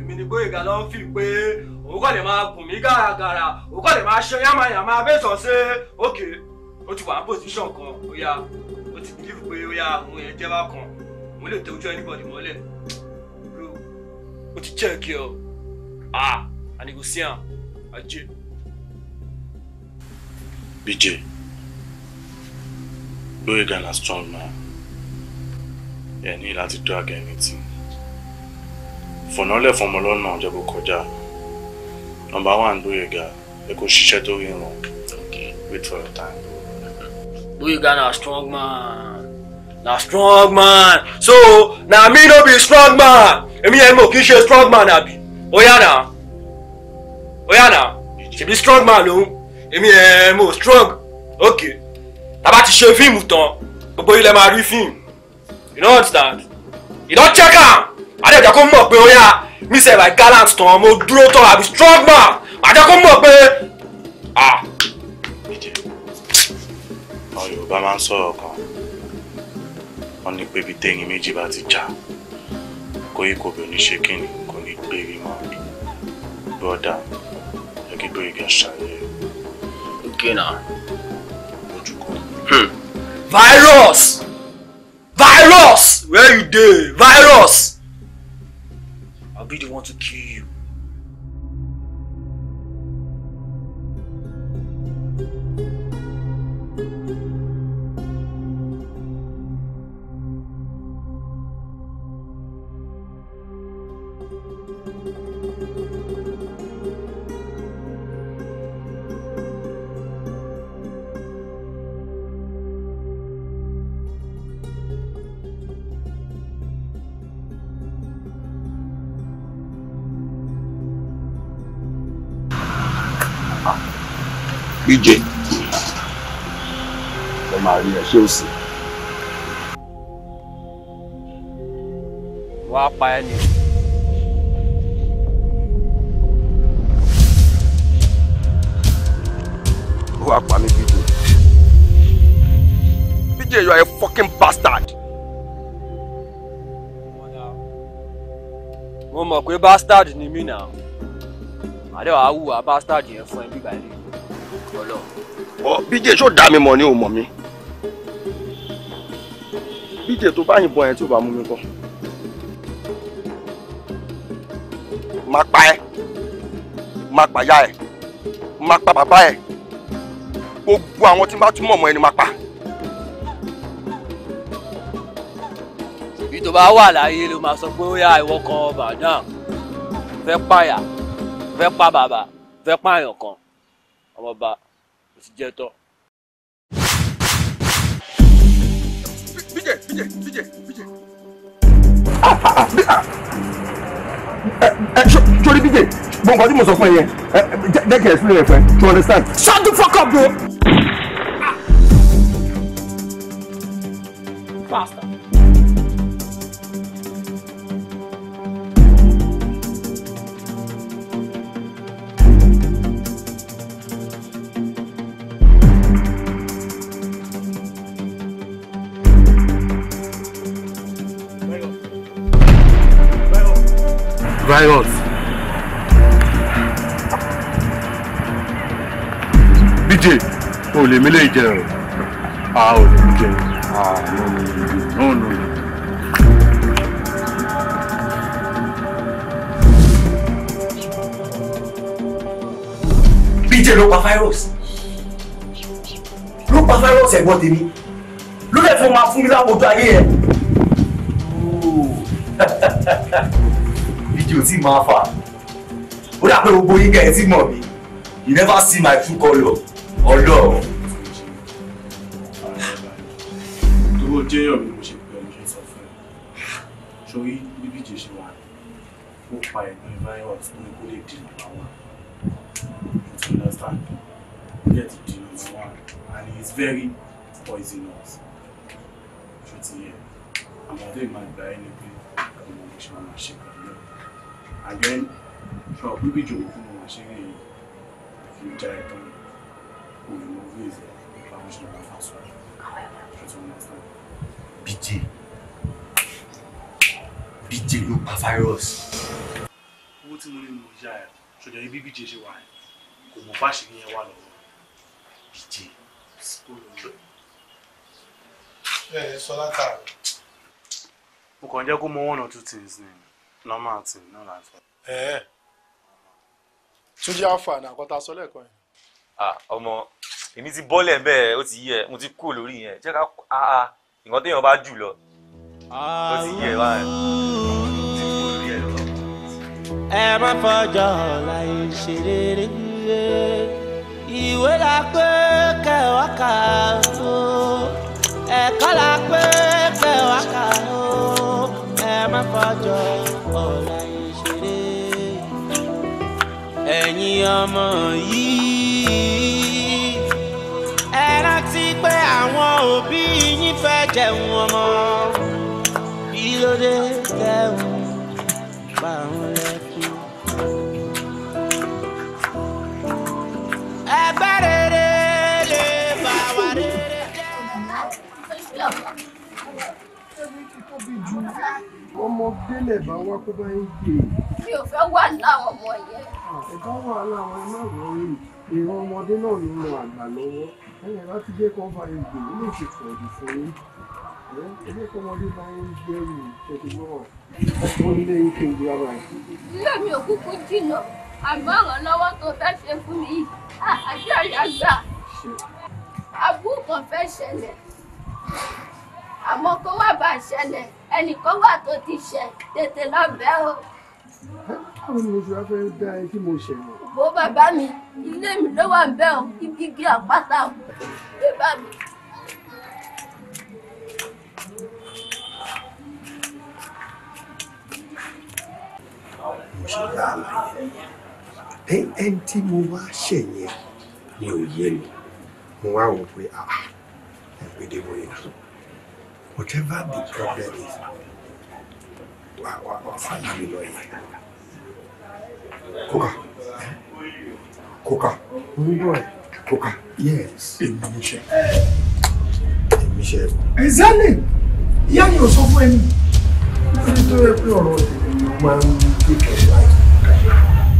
èmi ni gbóyèga lọ́n fi pé òun kọ́ lè máa gùn mí gàràgàrà òun kọ́ lè máa ṣe yàmàyàmà abẹ́sọ̀ ṣe ókè ó ti wà ní pòsíṣàn kan ó yá ó ti bílíìfù pé ó yá òun yẹn jẹ́ bákan òun lè tẹ́jú anybody mọ́lẹ̀ ó ti chẹ́ẹ̀kì ọ ah and you go ajé. BJ, Boyega na strong man. Ẹ ní láti drag anything. Fọ̀nàlẹ̀ fọmọlọ́nà ọ̀jọ̀gbọ́n kọjá. Nọmba one Boyega, ẹ kò ṣiṣẹ́ tó rí wọn. Wait for your time. Boyega na strong man. Na strong man. So, na me no be strong man. Èmi yẹn mo kì í ṣe strong man àbí. Oya na. Oya na. Ṣèbí strong man lòun èmi ẹ̀ mo strong ok tàbá ti ṣe fíìmù tán gbogbo ilẹ̀ máa rí fíìmù you know what's that? you don check am adéjà kó mọ̀ pé ó yá mi sẹ̀ by gallant tán mo dúró tán àbí strong man àjẹ́ kó mọ̀ pé ah. àwọn Yorùbá máa ń sọ̀rọ̀ kan wọ́n ní pé ibi téyìn méjì bá ti jà kóyíkò bí oníṣe kínní kò ní gbérí mọ́ mi brother ẹgbẹ́ ìgbà ṣàyẹ̀wò. Okay now. Hmm. Virus! Virus! Where you dey? Virus! I'll be the one to kill you. rí jẹ. ẹ máa rí ẹ ṣé o sì. wàá pa ẹ ni. wàá pa mi bíjò. bíjò you are a fucking bastard. mo mọ̀ pé bastard ni mí náà àdéhùn àwùwà bastard yẹn fún ẹ bíbá ẹ lè ọ bíjẹ ṣó dá mi mọ̀ ni ò mọ̀ mi bíjẹ tó bá yìnbọn yẹn tí ò bá mú mi kọ má pa ẹ má pa ya ẹ má pa bàbá ẹ gbogbo àwọn tí n bá túmọ̀ mọ́ ẹni má pa. tó bá wà láyé ló máa sọ pé ó yá ìwọ kan ọba náà fẹ́ pààyà fẹ́ pa bàbá fẹ́ pààyàn kan ọmọọba ti jẹ tọ. bíjẹ bíjẹ bíjẹ bíjẹ. sori bíjẹ bọ̀ǹkọ́ tí mo sọ fún ẹ yẹn jẹ́ kí ẹ sílẹ̀ fẹ́ to understand. shut the fuck up bro. faster. riot. bj o lè mi lè jẹ o Ah, ò lè mi jẹ a no no no no. bj ló pa virus ló pa virus ẹ̀gbọ́n tèmi ló dẹ̀ fún ma fún mi láwùjọ ayé ẹ̀. gidi see, tí máa fà ó dà You gbogbo yín kẹ́ you never see my true color. ọ̀dọ́. owó jẹ́yọ̀ mi mo ṣe pẹ̀lú ṣe sọ fún ẹ sórí bíbí jẹ́ ṣe wà ó pa ẹ̀gbọ́n virus ní kó understand Get to ti one, and he very níbi ìjòkó fún wọn ṣe rí kí n já ìtàn òyìnbó wíìzì báwọn ṣe lọ́la fásọ BJ BJ ló pa virus. owó tí mo ní mo yá ẹ ṣọjà ibi BJ ṣe wà kò mọ bá ṣe ní ẹ wà lọ́wọ́ BJ. ẹ ẹ sọ látàrí. mo kàn jẹ́ kó mọ one or two things ni normal thing no life túnjí alpha ní àkọ́tà sọ lẹ́ẹ̀kan yẹn. Ah, ọmọ èmi ti bọ́lẹ̀ bẹ́ẹ̀ ó ti yẹ mo ti kú lórí yẹn jẹ́ ká ah, ah, nǹkan téèyàn bá jù lọ ó ti yẹ báyìí. ẹ má fọjọ́ ọ̀la ìṣeré ìwé la pé kẹwàá kà ó ẹ̀kọ́ la pé kẹwàá kà ó ẹ má fọjọ́ ọ̀la ẹ̀yin ọmọ yìí ẹ rántí pé àwọn òbí yín fẹ́ jẹun ọmọ kí ló dé tẹ̀wọ̀n pa àwọn lẹ́kùn. ẹ bá rere lè bá wa rere jẹ́ tóbi ọmọ gbélé bá wá kó bá ń gbé. mi ò fẹ́ wà láwọn ọmọ yẹn ẹ̀ka wàhálà àwọn ẹ má ìran ọmọdé náà ló ń ran àgbà lọ́wọ́ ẹ̀yìn láti jẹ́ kó bá yín gbè ló ti pọ̀ fún yín ẹ kó ọmọdé bá yín gbẹ́rù ìṣẹ́dúgbọ́n ọ̀pọ̀ nílé yín kí n gbé ara ẹ̀. nílò mi ò kúkú jìnnà àmọ́ ọ̀ràn lọ́wọ́ tó fẹ́ ṣe fún mi yìí àti àyà gbà àbúrò kan fẹ́ ṣẹlẹ̀ àmọ́ kó wá bá ṣẹlẹ̀ ẹnìkan wà tó ti ṣẹ̀ tètè lọ o báwo ni mo ṣe wá fẹ́ dá ẹ tí mo ṣẹ̀ wọ̀. bó bàbá mi ilé mi ló wà bẹ́ẹ̀ o igi àpáta o bàbá mi. mo ṣe dá àlàyé ẹ ẹni tí mo wá ṣẹ̀ yẹn ni ò yé mi mo wá wò pé ah ẹ pé dé wọ̀nyí náà whatever the problem is wà wà wà fàlàmì lọ yẹn. Coca. Coca. Onígbọ̀ Coca. Yes. Èmi ni ṣe. Èmi ṣe. Ẹ̀zẹ́lì, ìyá mi ò sọ fún ẹni. Nítorí tó yẹ pé ọ̀rọ̀ tèmi ni mo máa ń tèkẹ̀ láì.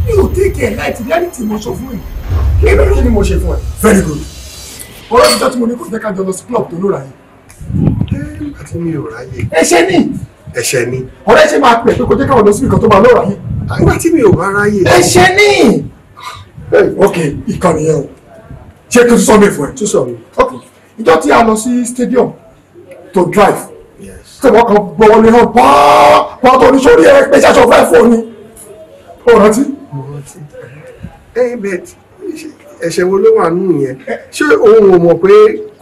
Mi ò tèkẹ̀ láì tí lẹ́yìn tí mo sọ fún ẹ̀. Kí ló kí ni mo ṣe fún ẹ? Very good. Ọ̀rọ̀ ìjọ tí mo ní kò jẹ́ ká jọ lọ sí club tó lóra yìí. Àti mi ò ráyè. Ẹ̀ṣẹ̀ ni. Ẹ̀ṣẹ̀ ni. Ọ̀rẹ́ ṣe máa pè é pé kò jẹ́ káwọn lọ sí nǹkan tó máa lọ́ra yìí nígbà tí mi ò bá ráyè. ẹ ṣe ní. ok ìkànnì yẹn o ṣé kí n sọ mi fún ẹ. tún sọ mi. ok ìjọ tí a lọ sí stadium to drive tí wọ́n kan gbọ́wọ́ lé hàn Pa. pọ́ọ́ tó ní sórí ẹ pé ṣàṣọ fẹ́ fún ni. ó rántí. mo rántí. ẹyin bẹẹ ẹ̀ṣẹ̀ wo ló wà nù yẹn ṣé òun ò mọ̀ pé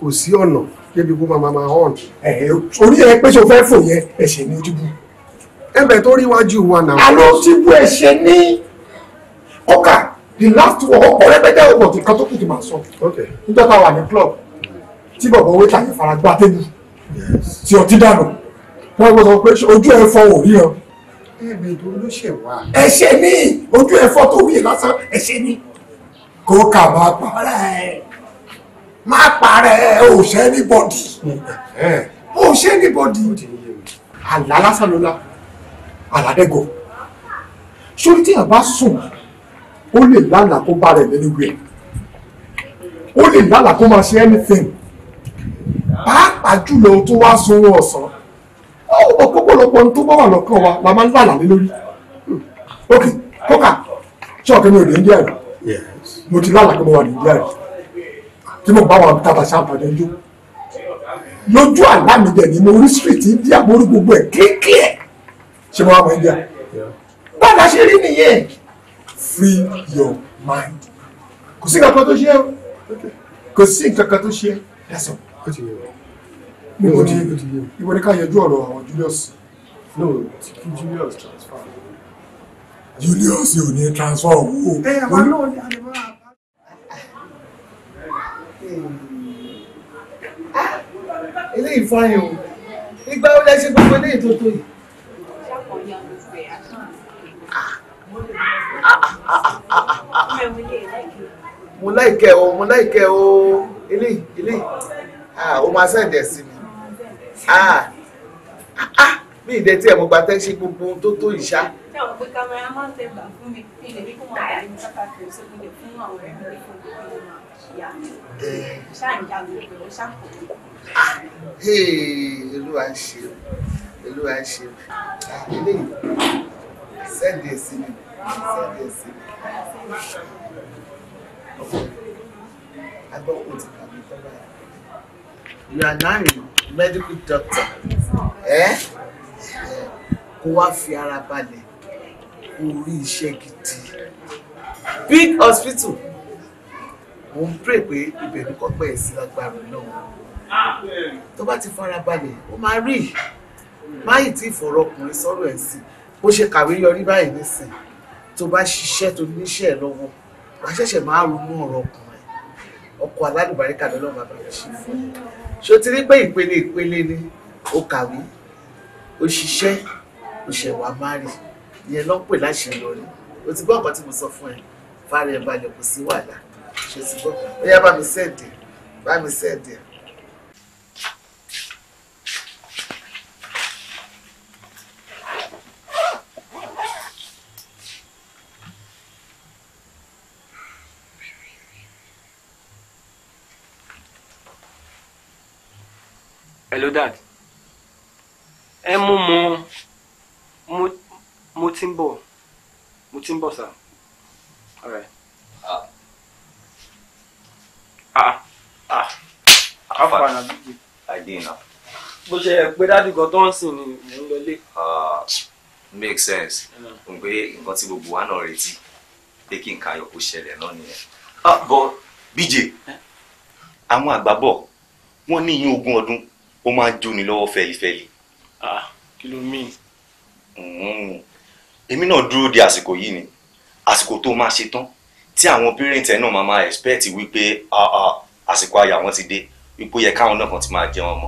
kò sí ọ̀nà débi kó máa máa hàn. orí ẹ pé ṣo fẹ́ fò yẹn ẹ̀ṣẹ̀ ni ojú bu ẹ̀bẹ̀ tó rí wájú wa náà. àlọ́ tí bú ẹ ṣe ní ọkà the last one ọkọ̀ rẹ́pẹ́tẹ́ ọgbọ̀n tí kan tó kù ti máa sọ. níjọ́ tá a wà ní club tí bọ̀bọ̀ wẹ́tà yẹn fara gbá tẹ́lú tí ọtí dànù wọ́n gbọ́dọ̀ pé ojú ẹ̀ fọ òrí ọ. ẹ̀bẹ̀ tó ló ṣẹ̀ wá. ẹ̀ṣẹ̀ ní ojú ẹ̀ fọ tó wúyè lásán ẹ̀ṣẹ̀ ní. kó kà máa pààrà ẹ̀ máa pààrà ẹ̀ òṣẹ́ ní bọ́dì òṣẹ́ ní bọ́dì àlá lásán ló lá àlàdẹ́gọ̀ sórí tí yàn bá sùn ó lè lálàá kó bá rẹ̀ nínú rẹ̀ ó lè lálàá kó máa ṣe anything pàápàá jùlọ tó wá sunwó ọ̀sán ọ̀pọ̀ pọ̀pọ̀lọpọ̀ tó bá wà lọ́kàn wa la máa ń lálàá lé lórí ok kókà ṣé ọ̀kẹ́ mi ò dé ń díẹ̀ rẹ̀ mo ti lálàá kó mo wà ní díẹ̀ rẹ̀ tí mo bá wà tàbá ṣàǹfààní ẹjọ́ lójú àlá mi dẹ̀ ni mo rí street india mo rí gbogbo ẹ̀ kéékèé ṣé mo wá mọ india padà ṣe rí nìyẹn free your mind kò sí nǹkan tó ṣe é kò sí nǹkan tó ṣe é that's all. níbo ni ìwọ ni ká yanjú ọ̀rọ̀ àwọn Julius. no kí Julius transfer. Julius yóò ní transfer owó. ẹ àwọn náà ni a lè máa. eléyìí ah! fáyìn o ìgbà wo lẹ ṣe gbogbo eléyìí tó tó yìí. mo láìkẹ́ o mo láìkẹ́ o eléyìí eléyìí o máa sẹ́ǹdẹ̀ sí mi mi ìdẹ tí ẹ mo gba tẹ́ṣí gbogbo tó tó ìṣá. ṣé o pé kámẹ́rà máa ń tẹ̀ bá fún mi kí ilé kíkún máa bá mi káàkiri ṣe Olúwa ṣe eléyìí sí mi. You are now medical doctor. Eh? Kó wá fi ara balẹ̀ Big hospital. Mo ń pray pé ibẹ̀ ní kọ́pẹ́ ẹ̀ sí lágbára náà. Tó bá ti fara balẹ̀, ó máa rí. Máyì tí ìfọ̀rọ̀ ọkùnrin sọ̀rọ̀ ẹ̀ sí. Bó ṣe kàwé yọrí tó bá ṣiṣẹ́ tó níṣẹ́ lọ́wọ́ wàá ṣẹ̀ṣẹ̀ máa ronú ọ̀rọ̀ ọkùnrin ọkọ alálùbáríkà lọ́lọ́run bàbá mi ṣe fún un ṣó ti rí pé ìpele ìpele ni o kàwé o ṣiṣẹ́ o ṣẹ̀wà márì ìyẹn ló ń pè láṣeyọrí o ti gbọ́ ọ̀kan tí mo sọ fún ẹ fara ẹ̀ balẹ̀ kò sí wàhálà ṣe ti gbọ́ ó yá bá mi sẹ́ẹ̀dẹ̀ bá mi sẹ́ẹ̀dẹ̀ hello dad ẹ mú mu mo ti ń bọ̀ mo ti ń bọ̀ sir ah ah ah afa àdínà. bó ṣe yẹ pé dádì kan tó ń sìn ni mò ń lọlé. Ah, make sense n pé nǹkan tí gbogbo wa náà retí pé kí nǹkan ayọ̀ kó ṣẹlẹ̀ náà nìyẹn. Ah, bọ́ bíjè eh? àwọn àgbà bọ̀ wọ́n ní ìyín ogún ọdún ó máa ń jó ni lọ́wọ́ fẹ́lifẹ́li. ah kí ló mean. Mm-hmm. èmi náà dúró de àsìkò yìí ni àsìkò tó máa ṣe tán tí àwọn pírẹ̀ntì ẹ̀ náà máa máa expect wípé ah, ah, àsìkò ayà wọn ti dé wípé ó yẹ káwọn náà kan ti máa jẹun ọmọ.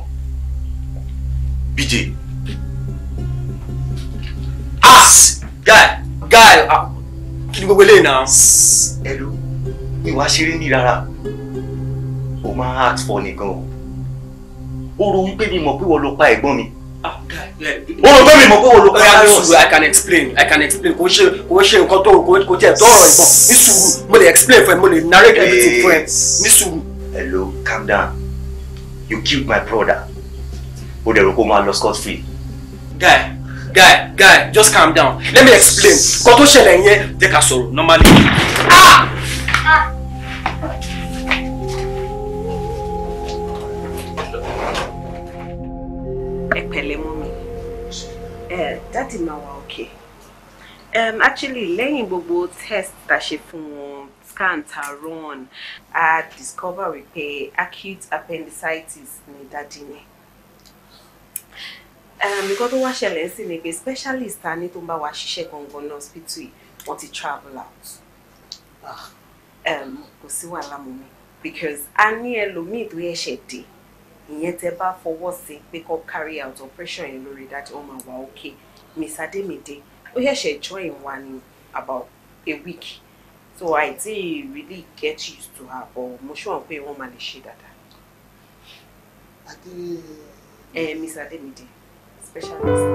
bj as ah, guy guy kí ni gbogbo eléyìí náà. ẹlò ìwà ṣeré ní rárá o máa act for nìkan o ó wípé mi mọ̀ pé wọ́n ló pa ẹ̀gbọ́n mi ah, ó rò pé mi mọ̀ pé wọ́n ló pa ẹ̀gbọ́n mi. sùúrù i can explain i can explain kò ṣe kò ṣe nǹkan tó kò tiẹ̀ tọrọ ìbọn ní sùúrù mo lè explain fún ẹ mo lè narrate everything fún ẹ ní sùúrù. hello calm down you killed my brother ó dẹ̀ rò pé ó máa lọ scot free. guy guy guy just calm down let me explain kó tó ṣẹlẹ̀ yẹn jẹ́ ká sọ̀rọ̀ normally. ah! ah! pẹ̀lẹ́ mọ́ mi dáàdì máa wà òkè actually lẹ́yìn gbogbo test tá a ṣe fún wọn scan tá a run a discover wípé acute appendicitis ni dáàdì ní um, nǹkan tó wá ṣẹlẹ̀ sí ni pé specialist ta ní tó ń bá wa ṣiṣẹ́ gangan ní hospital yìí wọ́n ti travel out ah. um, kò sí wàhálà mọ́ mi because a ní ẹlòmíì tó yẹ ṣẹ̀ dé ìyẹn tẹ bá fọwọ́ sí pé kó carry out operation yẹn lórí dájú ó máa wà okay miss ademide ó ṣẹ̀ṣẹ̀ join wa ní about a week so i dey really get used to her but mo ṣọ́ pé wọ́n máa lè ṣe dáadáa. adé. ẹ eh, miss ademide specialist.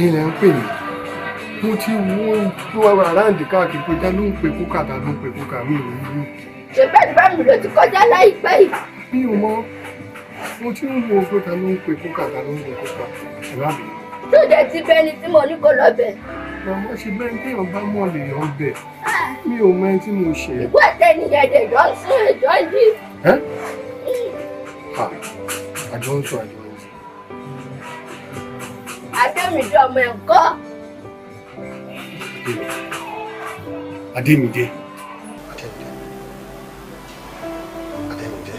ẹ̀yin lẹ ń pè mí mo ti wo tó wá aráàlú káàkiri kọjá ló ń pè kúkà tá ló ń pè kúkà mi ò rí rí. ṣèbẹ́ ìbá mi ló ti kọjá láìpẹ́ yìí. mi ò mọ mo ti ń wo pé ta ló ń pè kúkà ta ló ń pè kúkà ìwà mi. tó dẹ̀ ti bẹ ẹni tí mo ní kó lọ bẹ̀. màmá ṣe bẹ́ẹ̀ tí èèyàn bá mọ̀ lè yàn bẹ̀ mi ò mọ ẹni tí mo ṣe. ìwé àtẹnìyàn ẹ̀jọ̀ ń sún ẹ̀jọ̀ yìí. àjọ ń sọ àjọ Adémídé ọmọ ẹ̀kọ́. Adémídé. Adémídé. Adémídé.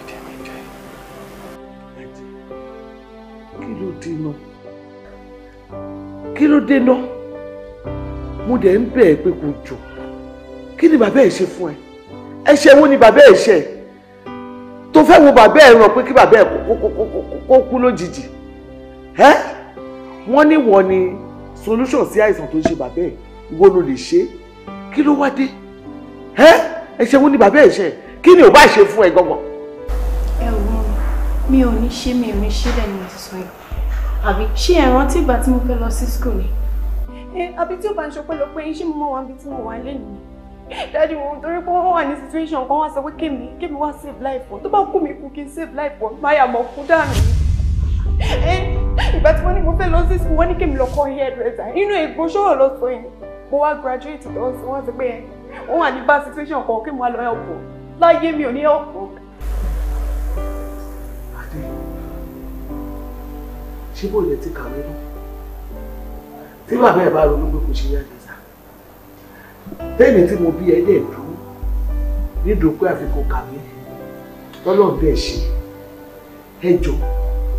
Adémídé. Kí ló dé náà? Kí ló dé náà? Mo dẹ̀ ń bẹ̀ ẹ́ pé kò jọ. Kí ni bàbá ẹ̀ ṣe fún ẹ? Ẹ ṣe wo ni bàbá ẹ̀ ṣe? fẹ́ wo bàbá ẹ̀ ràn pé kí bàbá ẹ̀ kó kú lójijì ẹ́ wọ́n ní wọ́n ní solution sí àìsàn tó ń ṣe bàbá ẹ̀ ìwọ ló lè ṣe kí ló wá dé ẹ́ ẹ̀ṣẹ̀ wo ni bàbá ẹ̀ ṣe kí ni ò bá ṣe fún ẹ gangan. ẹ wo mi ò ní ṣe mi ò ní ṣe lẹ́nu ìsọ̀yìn àbí ṣé ẹ rántí ìgbà tí mo fẹ́ lọ sí school ni. ẹ àbí tí o bá ń sọ pé lọ pé iṣẹ́ mi mọ́ wa níbi tí mo wà lẹ́nu dájú wọn torí pé wọn wà ní situation kan wọn sọ pé kémi kémi wá save life wọn tó bá kú mi kú kí n save life wọn máyà mọ kú dànù ìgbà tí wọn ní mo fẹ́ lọ sí school wọn ní kémi lọ kọ́ hairdresser inú ègbò ṣọwọ lọ sọ yìí mo wá graduate lọ sí wọn ti pé wọn wà ní bá situation kan kémi wá lọ help wọn láyé mi ò ní help wọn. ṣé bóyá ti kàwé náà tí bàbá ẹ bá ronú pé kò ṣe yá ni tẹ́ẹ̀mì tí mo bí ẹ dẹ̀ dùn nídùú pé àfikún kà mí lọ́lọ́run bẹ́ẹ̀ ṣe ẹ jọ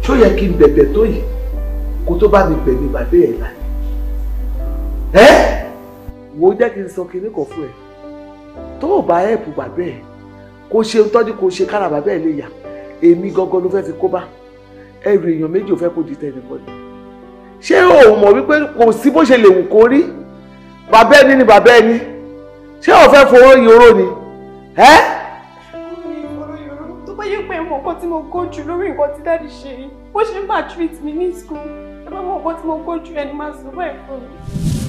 ṣó yẹ kí n bẹ̀bẹ̀ tó yìí kó tó bá mi bẹ̀mí bàbá ẹ̀ láì ẹ́ wo jẹ́ kí n sọ kinní kan fún ẹ tó o bá ẹ̀pù bàbá ẹ̀ kó ṣe tọ́jú kó ṣe kára bàbá ẹ̀ lè yà èmi gangan ló fẹ́ fi kó bá ẹrù èèyàn méjì ò fẹ́ kó di tẹnìkan ni ṣé o mọ̀ wípé kò sí bó ṣe lè wù kó rí bàbá ẹni ni bàbá ẹni ṣé o fẹ́ fowó yòró ni ẹ́. tó bá yẹ pé ẹ̀wọ̀n nǹkan tí mo kó jù lórí nǹkan tí dáàdi ṣe bó ṣe ń bá treat mi ní school ẹ bá mọ nǹkan tí mo kó jù ẹni máa sọ báyìí fún mi.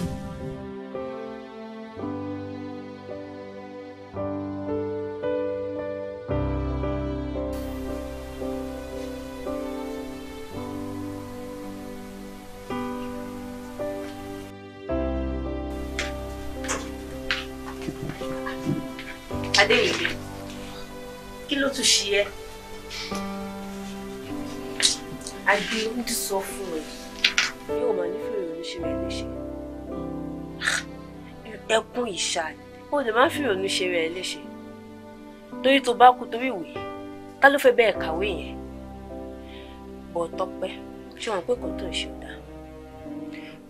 Adéyẹmí kí ló tún ṣe ẹ́ àgbẹ̀ oúnjẹ sọ fún ẹ yóò máa nífẹ̀ẹ́ ìrònú ṣe rẹ léṣe ẹkún ìṣà ó lè máa ń fi ìrònú ṣe rẹ léṣe torí tó bá kú torí ìwé ta ló fẹ́ bẹ́ẹ̀ kàwé yẹn bọ̀ tọpẹ́ ṣé wọn pé kò tó ń ṣe ọ̀dà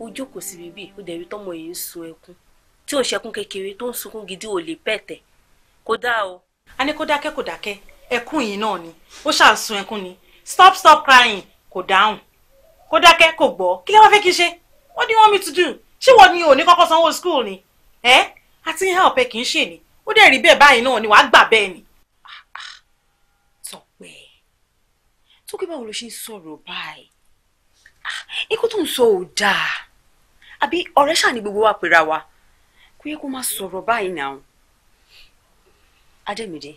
ojú kò sí bíbí ó dẹ̀ rí tọmọ yìí ń sun ẹkún tí ò ṣẹkún kékeré tó ń sunkún gidi ò lè pẹ̀tẹ̀ kò dáa o. a ní kó dákẹ́ kó dákẹ́ ẹkún yìí náà ni ó ṣáà sun ẹkún ni stop stop crying kò dáhùn kó dákẹ́ kò gbọ́ kí lè wá fẹ́ kí n ṣe what do you want me to do ṣé wọ́n ní òní kọ́kọ́ sanwó school ni ẹ́ àti help ẹ kì í ṣe ni ó dẹ̀ rí bẹ́ẹ̀ báyìí náà ni wàá gbà bẹ́ẹ̀ ni. Tọ́pẹ́ tó kí báwo ló ṣe ń sọ̀rọ̀ báyìí ah, ikú tó ń sọ ò dáa àbí ọ̀rẹ́ ṣáà ni gbogbo wa pera wa kó yẹ kó má sọ̀rọ̀ báyìí náà Adémídé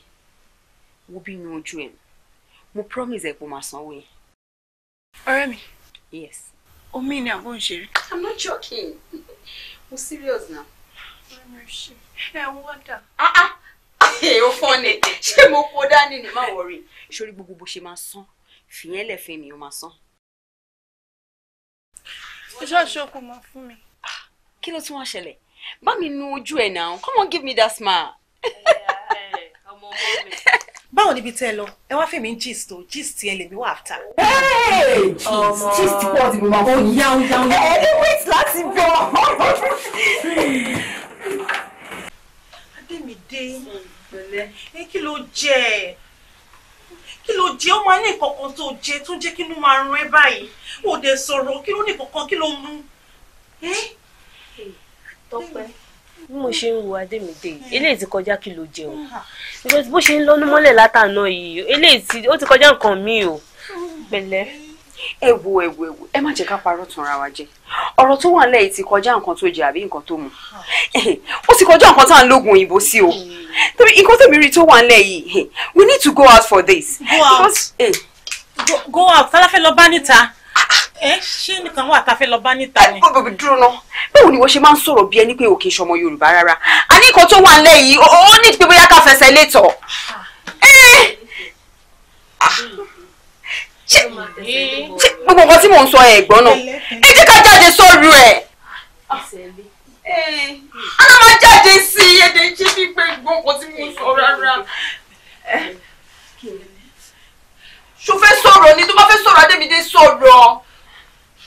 wo bínú ojú ẹ̀ mo promise ẹ̀ pé màá sanwó yẹn. ọ̀rẹ́ mi. yes. omi ni àbọ̀ ń ṣe rí. i'm not joking mo serious now. ọ̀rẹ́ mi ṣe ẹ̀ ń wá ah ah ó fọ́ ni ṣé mo kó dání ni má wọrí. sórí gbogbo bó ṣe máa san fìyẹn lẹ́fẹ̀ẹ́ mi ó máa san. ìṣe àṣọkù máa fún mi. Ah, kí ló tún wá ṣẹlẹ̀ bá mi nu ojú ẹ̀ náà come on give me that smile ọmọ ọmọ mi. báwo níbi tẹ́ lọ ẹ wá fèmí gist o gist yẹn lèmi wà after. gist pọ̀ tí mo máa fún yín. yáwó yáwó. ẹ ẹ wait láti bọ̀. adémídé ìpínlẹ̀ ẹ kí ló jẹ ẹ kí ló jẹ ó máa ní ìkọ̀kan tó jẹ tó jẹ́ kí inú máa rún ẹ báyìí ó dẹ̀ sọ̀rọ̀ kí ló ní ìkọ̀kan kí ló mú. tọ́pẹ́ mo ṣe ń wo adémídé eléyìí ti kọjá kí ló jẹun because bó ṣe ń lọ́nu mọ́lẹ̀ látàná yìí eléyìí ó ti kọjá nǹkan mi o pẹ̀lẹ́. ẹ wo ẹ wo ẹ wo ẹ má jẹ́ ká parọ́ tún ra wa jẹ ọ̀rọ̀ tó wà lẹ́yìn ti kọjá nǹkan tó jẹ àbí nǹkan tó mu ó ti kọjá nǹkan tá à ń lógun òyìnbó sí o torí nǹkan tèmi rí tó wà lẹ́yìn we need to go out for this. go out because, eh. go, out tálá fẹ́ lọ bá níta ẹ eh, ṣé nìkan wà tá a fẹ́ lọ bá níta ni. bọ́bọ̀ eh, eh, dúró ná báwo ni wọ́n ṣe máa ń sọ̀rọ̀ bí ẹni pé òkè ìṣọmọ yorùbá rárá a ní nǹkan tó wà nílẹ̀ yìí ó ní pé bóyá ká fẹsẹ̀ létọ̀. Ah! gbogbo nǹkan tí mò ń sọ ẹ̀ gbọ́n náà ẹ jẹ́ ká jáde sóru ẹ̀. ara máa jáde sí ẹ̀dẹ̀ jí gbígbé gbọ́n nǹkan tí mò ń sọ rárá ṣo fẹ́ sọ̀rọ̀ ni tó bá fẹ́ sọ̀rọ̀ adébídé sọ̀rọ̀.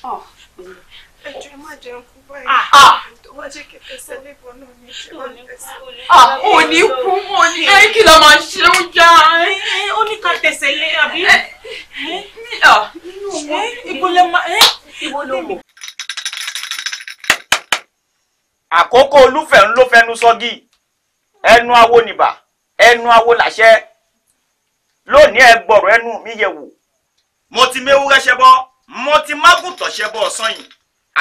Ah, ah. ẹjọ́ ẹ má jẹun kú báyìí tó ah. bá jẹ́ kẹ̀kẹ́ sẹ́lẹ̀ ìbọn náà ní ìṣẹ̀lẹ̀ ìbẹ̀sẹ̀. òní kú òní ẹ kí la máa ṣe ó já ó ní ká tẹ̀sẹ̀ lé àbí. ìbúlẹ̀ máa ìwọ ló mọ̀. àkókò olúfẹ̀ ń ló fẹnu sọ́gì ẹnu awo nìbà ẹnu awo làṣẹ lónìí ẹ gbọ́rọ̀ ẹnu mi yẹ̀ wò. mo ti méwúrẹ́ ṣẹbọ mo ti mágùntàn ṣẹbọ ọ̀sán yìí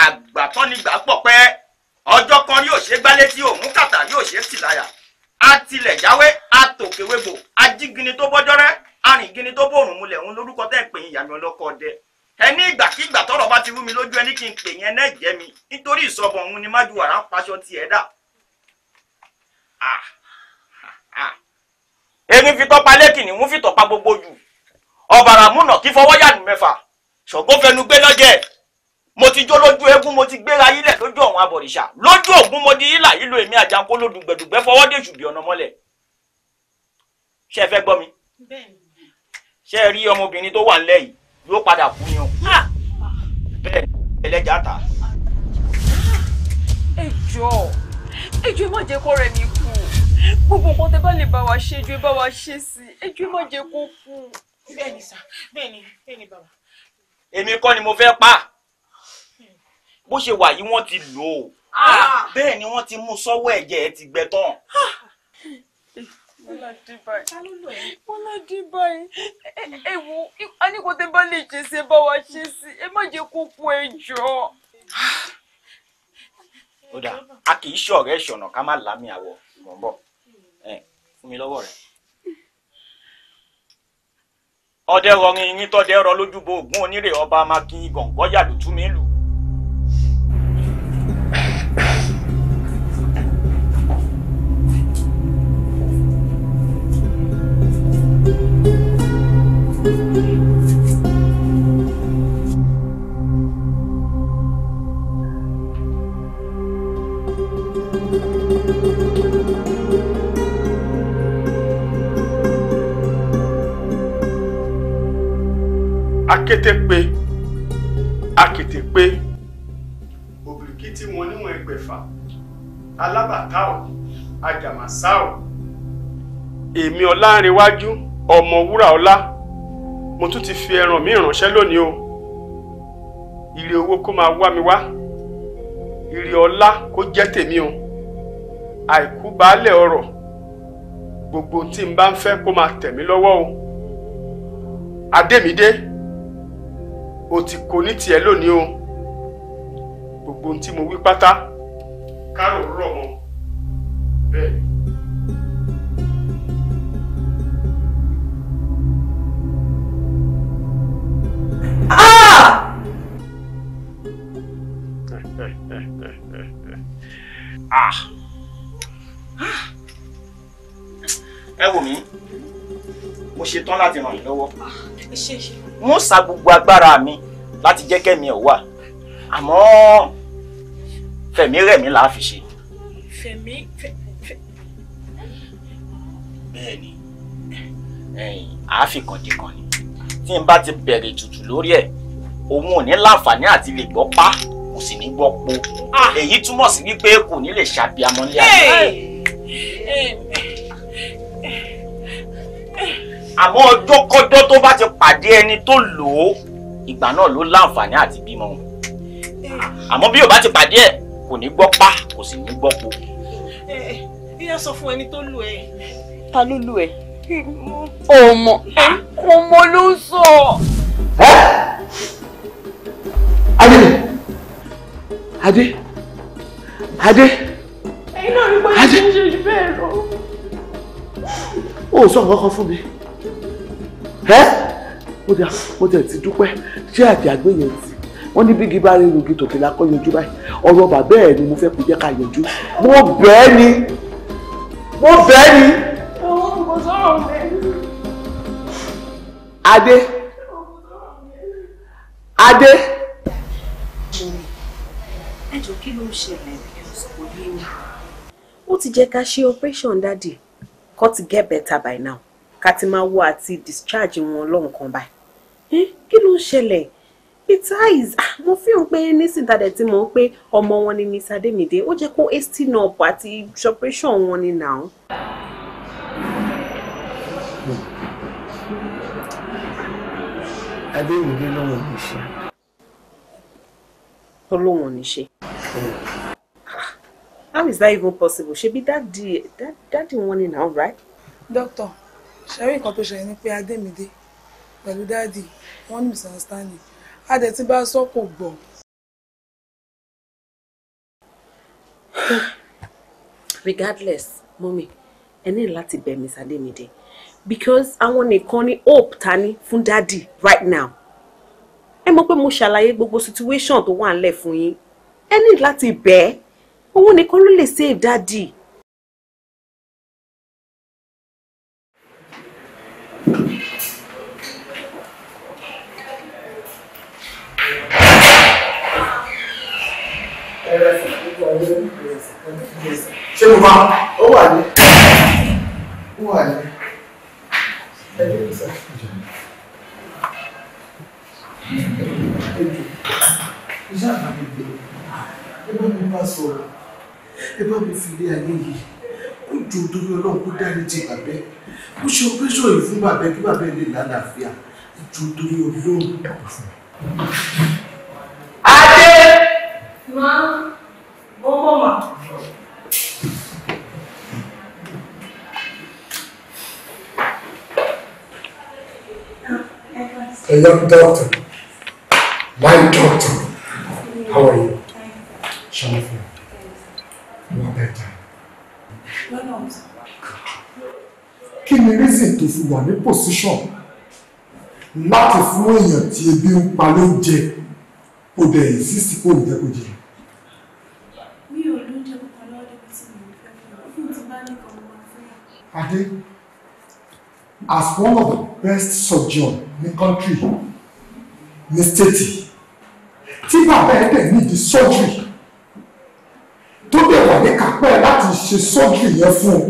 àgbàtọ́nigbà pọ̀ pẹ́ ọjọ́ kan yóò ṣe gbálé tí òun kàtà yóò ṣe tìláyà atilẹ̀ jáwé atòkèwégbò ajígini tó bọ́jọ́ rẹ́ arìngini tó bòrùn mulẹ̀ òun lórúkọ tẹ́ ń pè yín ìyàmì ọlọ́kọ ọdẹ ẹni ìgbàkigbà tọ́rọ̀ bá ti rú mi lójú ẹni kí n pè yẹn náà jẹ mi nítorí ìsọbọ òun ni májúwàrà paṣọ tiẹ̀ dà. Ah èmi fi tọ́pa lẹ́kìnì mú fi tọ́pa gbogbo jù ọ̀bàrà múnà kí fọwọ́ yàdù mẹ́fà ṣọ̀gbọ́n fẹnu gbé lọ́jẹ́ mo ti jó lójú eégún mo ti gbéra yílẹ̀ lójú ọ̀hún abọ̀rìṣà lójú ògún mo di yílà yílo èmi àjàǹkó lódùgbẹ̀dùgbẹ́ fọwọ́ dé ṣùbí ọ̀nà mọ́lẹ̀ ṣé ẹ fẹ́ gbọ́ mi ṣé ẹ rí ọmọbìnrin tó wà nílẹ̀ yìí yóò padà kú ni o bẹ́ẹ̀ ẹlẹ́jà ta. ẹ jọ̀ọ́ ẹ jọ̀ọ́ ẹ má jẹ́ kó rẹ̀ mí gbogbo nǹkan tẹ bá lè bá wa ṣe ju ẹ bá wa ṣe sí ẹ ju ẹ má jẹ kó kú. bẹ́ẹ̀ni sà bẹ́ẹ̀ni bẹ́ẹ̀ni bàbá. èmi kọ́ ni mo fẹ́ pa bó ṣe wà yìí wọ́n ti lò ó ah! bẹ́ẹ̀ ni wọ́n ti mú sọ́wọ́ ẹ̀jẹ̀ ẹ ti gbẹ tán. wọ́n dín báyìí ẹ wo a ní kò tẹ bá lè ṣe sí bá wa ṣe sí ẹ má jẹ kó kú ẹ jọ ó dà a kì í ṣe ọ̀rẹ́ ṣọ̀nà ká má láàmì àwọ̀ mọ̀ ń bọ̀ fún rẹ̀. ọdẹ rọrin yín tọdẹ rọ lójúbọ ògún onírè ọba mákin gọǹgọ yàdùtúmí akété pé akété pé òbíríkítí mo níwọ̀n ẹgbẹ̀fà alábàtà ò àjàmàsá ò èmi ọlárinwájú ọmọ wúrà ọlá mo tún ti fi ẹran mi ránṣẹ́ lónìí o ire owó kó máa wá mi wá ire ọlá kó jẹ́ tèmi o àìkú baálẹ̀ ọrọ̀ gbogbo tí n bá ń fẹ́ kó máa tẹ̀ mí lọ́wọ́ o adémídé o ti kò ní tiẹ̀ lónìí o gbogbo ohun tí mo wí pátá kárò rọ̀ mọ́ bẹ́ẹ̀ ah! Ah! ah! ẹ wò mí mo ṣetán láti ràn yín lọ́wọ́ mo ah, sa gbogbo agbára mi láti jẹ́ kẹ́mi ọ̀ wà àmọ́ fẹ̀mí rẹ̀mí là á fi ṣe. fẹ̀mí fẹ̀ fẹ̀. bẹ́ẹ̀ni àáfi kàndínkàn ni tí n bá ti bẹ̀rẹ̀ ètùtù lórí ẹ̀ òun ò ní láǹfààní àti lè gbọ́ pa kò sì ní gbọ́ po ah! èyí túmọ̀ sí wípé kò ní lè ṣàbíamọ́lé àgbà àmọ́ ọjọ́ kọ́jọ́ tó bá ti pàdé ẹni tó lò ó ìgbà náà ló láǹfààní àti bímọ àmọ́ bí ò bá ti pàdé ẹ̀ kò ní gbọ́ pa kò sì ní gbọ́ po. yíyá sọ fún ẹni tó lù ẹ. ta ló lù ẹ. ọmọ kò mọ ló ń sọ. adé adé adé ẹ̀yin o ò sọ nǹkan kan fún mi ẹ́ mo tẹ̀ ti dúpẹ́ ṣé àjẹ́ àgbéyẹn ti wọ́n ní bí gíba rẹ̀ rogi tòkè la kọ́ yanjú báyìí ọ̀rọ̀ bàbá ẹ̀ ni mo fẹ́ kó jẹ́ ká yanjú mo bẹ́ẹ̀ ni mo bẹ́ẹ̀ ni. Adé Adé. ẹjọ kí ló ń ṣẹlẹ̀ kò yé mi. ó ti jẹ́ ká ṣe operation daddy kó get better by now ká ti máa wo àti discharge wọn lọ́hùn kan báyìí kí ló ń ṣẹlẹ̀ besides ah, mo fihàn pé nísìntàdẹ̀ tí mo ń pé ọmọ wọn ni Miss Adémídé ó jẹ́ kó estin up àti suppression wọn ni now. Adémídé lóhùn mi ṣe. tó lóhùn ní ṣe. Ah, how is that even possible? Ṣebí dadi dadi wọn ni now, right? Doctor ṣẹ́rí nǹkan tó ṣẹlẹ̀ ni pé adémídé pẹ̀lú dáàdì wọ́n ní misunderstanding adẹ̀ tí bá sọ kò gbọ́. regardless mọ́mi ẹ ní láti bẹ̀ miss adémídé because àwọn nìkan ni hope ta ní fún dáàdì right now ẹ mọ̀ pé mo ṣàlàyé gbogbo situation tó wà ńlẹ̀ fún yín ẹ ní láti bẹ̀ ẹ́ òun nìkan ló lè save dáàdì. ṣé mo máa ó wà ní ó wà ní ẹjọ́ ìsà ẹjọ́ iṣẹ́ àbámi bẹ̀rẹ̀ ẹ bá mi bá sọ̀rọ̀ ẹ bá mi fi ilé ayé yìí kó jò torí ọlọ́run kó dárí jì bàbẹ́ kó ṣe ọpẹ́ṣọ̀ yìí fún bàbẹ́ kí bàbẹ́ lè lálàáfíà jò torí ọlọ́run. a young doctor, my doctor. How are you? Shanafa. You are better. No, no. Kí ni reason to fi wà ní position láti fún èèyàn tí ebi ń pa lóúnjẹ kò dẹ̀ exist kò ní jẹ́ kó jẹ? Mi ò lóúnjẹ kó pa lọ́wọ́ débi tí mi ò fẹ́ fún ọ. Fún as one of the best surgeon the country ní state tí bàbá ẹ̀ dẹ̀ ní di surgery tó dẹ̀ wà ní That láti the surgery yẹn fún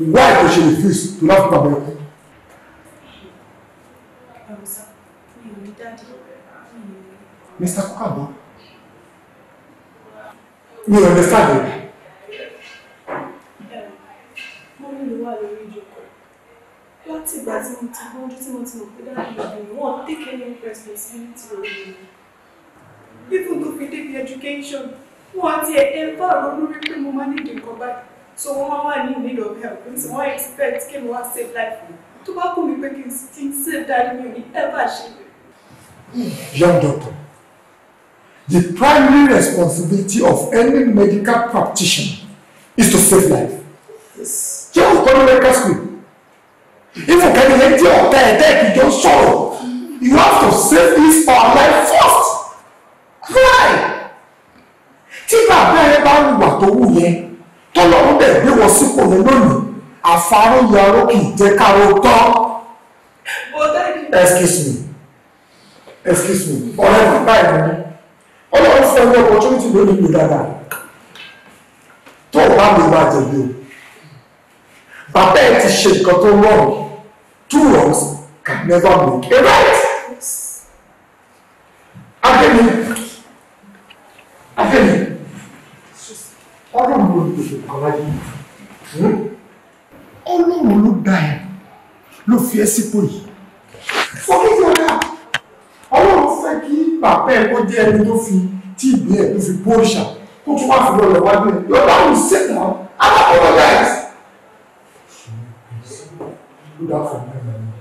un why kò ṣe refuse to love bàbá ẹ̀ kú. Mr. Kukabo, mi ò lè láti tí mo ti gbọ́njú tí mo ti mọ̀ pé dáàbò obìnrin wọn take any responsibility lórí mi even tó fi débi education wọn àti ẹ e e bá ronú wípé mo máa nídìí nǹkan báyìí so wọn máa wà ní need of help n sì expect kí mi wá save life mi tó bá kù mí pé kí n ti save dáàbò mi ò ní ever ṣe rẹ. young doctor the primary responsibility of any medical practitioner is to save life. Yes. Just go to medical school even kẹ́ni yẹn jẹ́ ọ̀tá ẹ̀ dẹ́ you don't sọ̀rọ̀ you have to save this our life first why tí bàbá ẹ bá ń wà tó wù yẹn tọ́lọ́run dẹ̀ gbé wọ sípò yẹn lónìí àfarò yàrá kì í jẹ́ káàró tọ́ excuse me excuse me ọ̀rẹ́ mi báyìí ni ọlọ́run fún ẹgbẹ́ opportunity lónìí mi dáadáa tó o bá mi máa jẹ̀bi o bàbá ẹ ti ṣe nǹkan tó rọrùn two wrongs can never make a right. Yes. Akemi, Akemi, ọlọ́run ló ń tètè kọ́ láyé yìí. Hmm? Ọlọ́run ló dá ẹ ló fi ẹ́ sípò yìí. Sọ́kí ti ọ̀dà, ọlọ́run fẹ́ kí bàbá ẹ̀ kó jẹ́ ẹni tó fi tí ìgbé ẹ̀ tó fi bó ìṣà kó tún wá fi lọ́lọ́ wájú ẹ̀. Yọ̀dá ò ń ṣètàn, ẹ̀ Do that for me, man.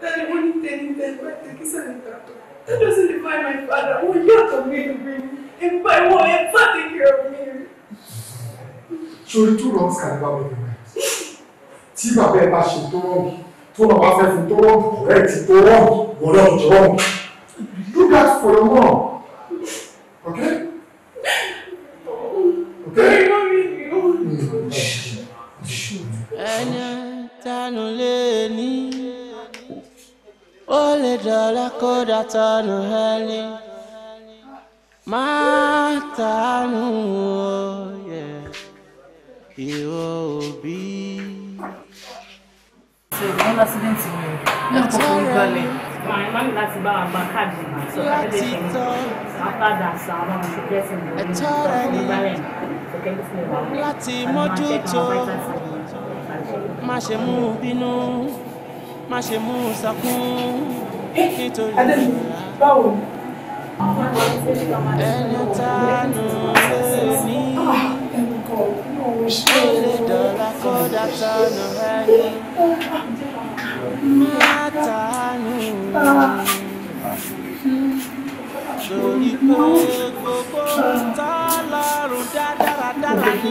Daddy, one thing is that my kiss and That doesn't define my father. Oh, you have to be to bring and by what I'm taking care of me. Surely two wrongs can never make a right. Tí bàbá ẹ bá ṣe tó wrong, tó lọ bá fẹ́ wrong, ọ̀rẹ́ wrong, wrong. Do that for your mom. Okay? Okay? kódà tọ́nu hẹ́lẹ́ máa tánú òye ìwọ òbí. ṣe ìwọ́n lásìdẹ́ǹtì mi ní ọkọ̀ fún gbọ́lẹ̀. Màá ní láti bá àgbà káàdì àti ọ̀rẹ́dẹ̀ẹ́sìn àtàdà sàwọn ìgbésìn ìgbésìn ìgbàlẹ̀ láti mójútó má ṣe mú bínú má ṣe mú sọkún adébíyí báwo ni. ẹni tánú lè ní ilé dọ́là kọ́dà tánú ẹni má tánú lórí pé gbogbo tá a lọ́rùn dáadáa dáadáa ni.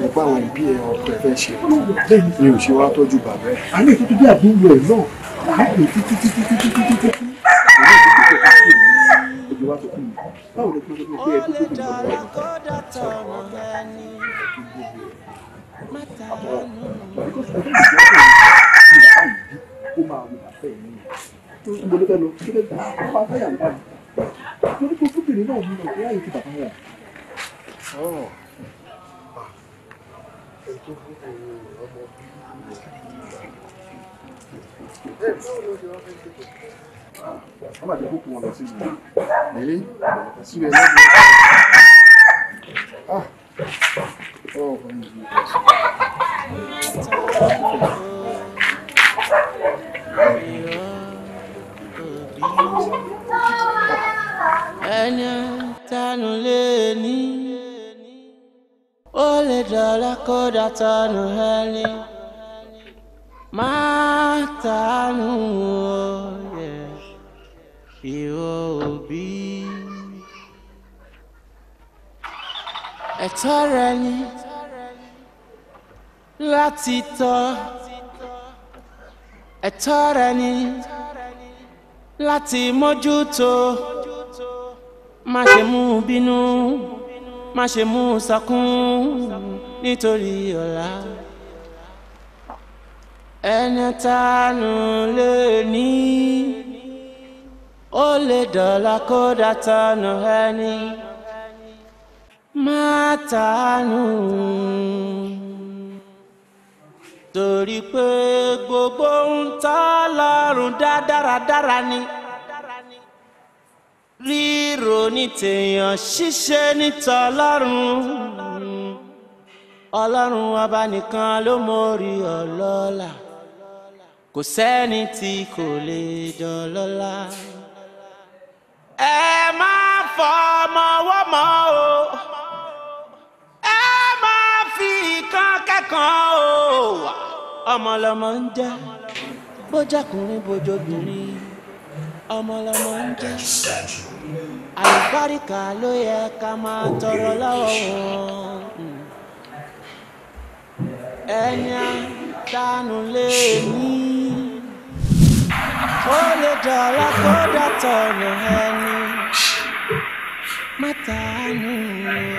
mo bá àwọn òbí ẹ ọ̀tọ̀ ẹ fẹ́ ṣe mi ò ṣe wá tọ́jú bàbá ẹ. a ní ètò tó bí àbúrò ẹ náà a pè títí títí títí títí títí. báwo lè pín pín pé ẹ tó tóbi lọ́wọ́ ẹ. ó máa wù bàbá ẹ nínú. mo ló fẹ́ lọ kí ló dé bá fẹ́ yà lọ́wọ́. mo ní kó fúnbìnrin náà mú lọ bí àyè ti bàbá wọn ọmọ àti kókó wọn lọ sí ìlú èyí sílẹ̀ lọ́dún ọ̀rọ̀ ọ̀hún ìlú ẹni tánú lé ní dole ko da tanu hali ma tanu oye iwo obi ẹ̀tọ́ rẹ ni láti tọ́ ẹ̀tọ́ rẹ ni láti mójútó má ṣe mú bínú má ṣe mú sakún nítorí ọ̀la ẹni tánu lè ní ó lè dọ̀la kódà tánu ẹni má tánu torí pé gbogbo ń ta lọ́rùn dá dáradára ni ríro ní tèèyàn ṣiṣẹ́ níta ọlọ́run ọlọ́run ọba nìkan ló mórí ọlọ́lá kò sẹ́ni tí kò lè dọlọ́lá ẹ má fọmọ wọ́mọ o ẹ má fi ìkan kẹ́kọ̀ọ́ o ọmọ lọmọ ń jẹ́ bójákùnrin bójóbìnrin ọmọ lọmọ ń jẹ́ àlùbáríkà ló yẹ ká máa tọrọ lọ́wọ́ wọn ẹni à ń dánú lé ní ó lè dọ̀la kó dàtọ̀ nù ẹni mọ́tà nù ẹni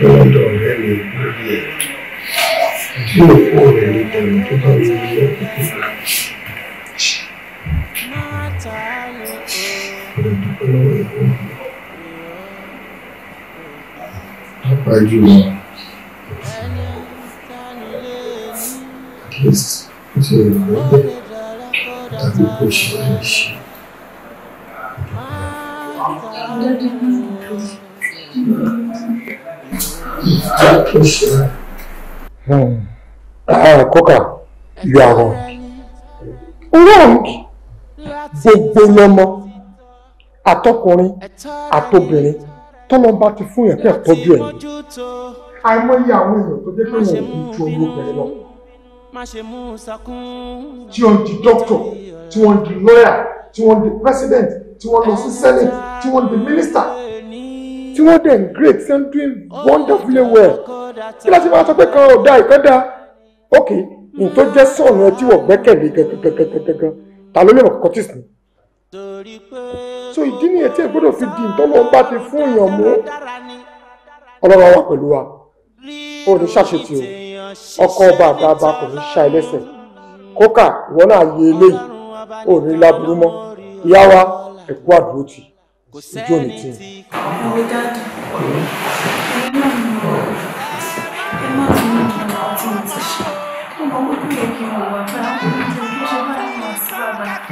dúpẹ́ lọ́dọ̀ mi Apájú wọn. At least ó ti rẹ̀ wọ́n bẹ́ẹ̀ tàbí kò ṣe é ṣe. Hmm. Ah, Coca, you are wrong. Wrong. Gbogbo lọmọ àtọkùnrin àtobìnrin tọ́lọ́mbà ti fún yẹn kẹ́ tọ́jú ẹ̀ ní. àìmọye àwọn èèyàn tó jẹ́ pé wọn ò ní ju orí obìnrin lọ. tí wọ́n di dókítọ̀ tí wọ́n di lọ́yà tí wọ́n di president tí wọ́n lọ sí senate tí wọ́n di minister tí wọ́n dẹ̀ ń great ṣe ń doing wonderfully well kí láti máa sọ pé kan ò da ìkan da ok nǹkan jẹ́ sọ̀rọ̀ ẹ tí gbẹ́kẹ̀lé gẹ́gẹ́gẹ́gẹ́gẹ́ ta ló lè mọ̀ kọ́tìsì ni so ìdí nìyẹn tí ẹ gbọ́dọ̀ fi di ìtọ́lọ́ ń bá ti fún èèyàn mú ọlọ́run wà pẹ̀lú wa ó ní ṣàṣetì o ọkọ ọba àgbààbà kò ní ṣá ẹlẹ́sẹ̀ kókà ìwọ náà yẹ eléyìí ó ní láburú mọ́ ìyá wa ẹ̀kú àdúró tì ojú òní tì.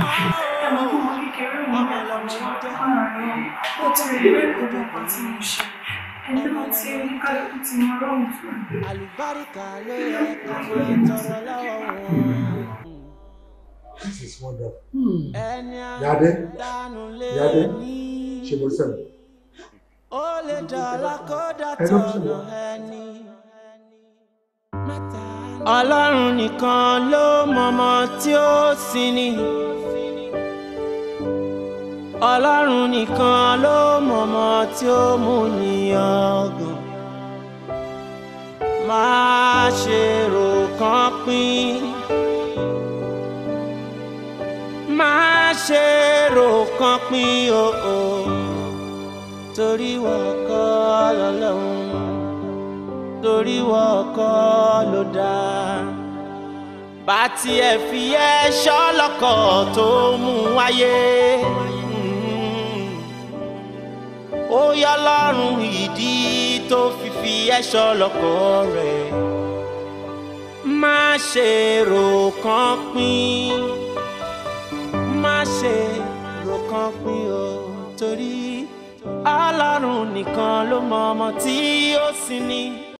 Thank you. This is wonderful. Yade, Yade, She mo sẹ́nu. Ó lè dọ̀la kó dàtọ̀ nù ẹni. Ọlọ́run nìkan ló mọ̀mọ́ tí ó sì ní ọlọ́run nìkan ló mọ̀mọ́ tí ó mú ni ọgàn má ṣe rò kán pín má ṣe rò kán pín o torí wọ́n kọ́ lọ́lọ́run torí wọ́n kọ́ ló dáa bá tiẹ̀ fi ẹ́ ṣọ́ lọ́kọ̀ tó mú wáyé ó yá lọ́rùn ìdí tó fi fi ẹ̀ṣọ́ lọ́kọ rẹ̀ má ṣe rò kán pín má ṣe rò kán pín o torí ọlọ́run nìkan ló mọ ọmọ tí ó sì ní.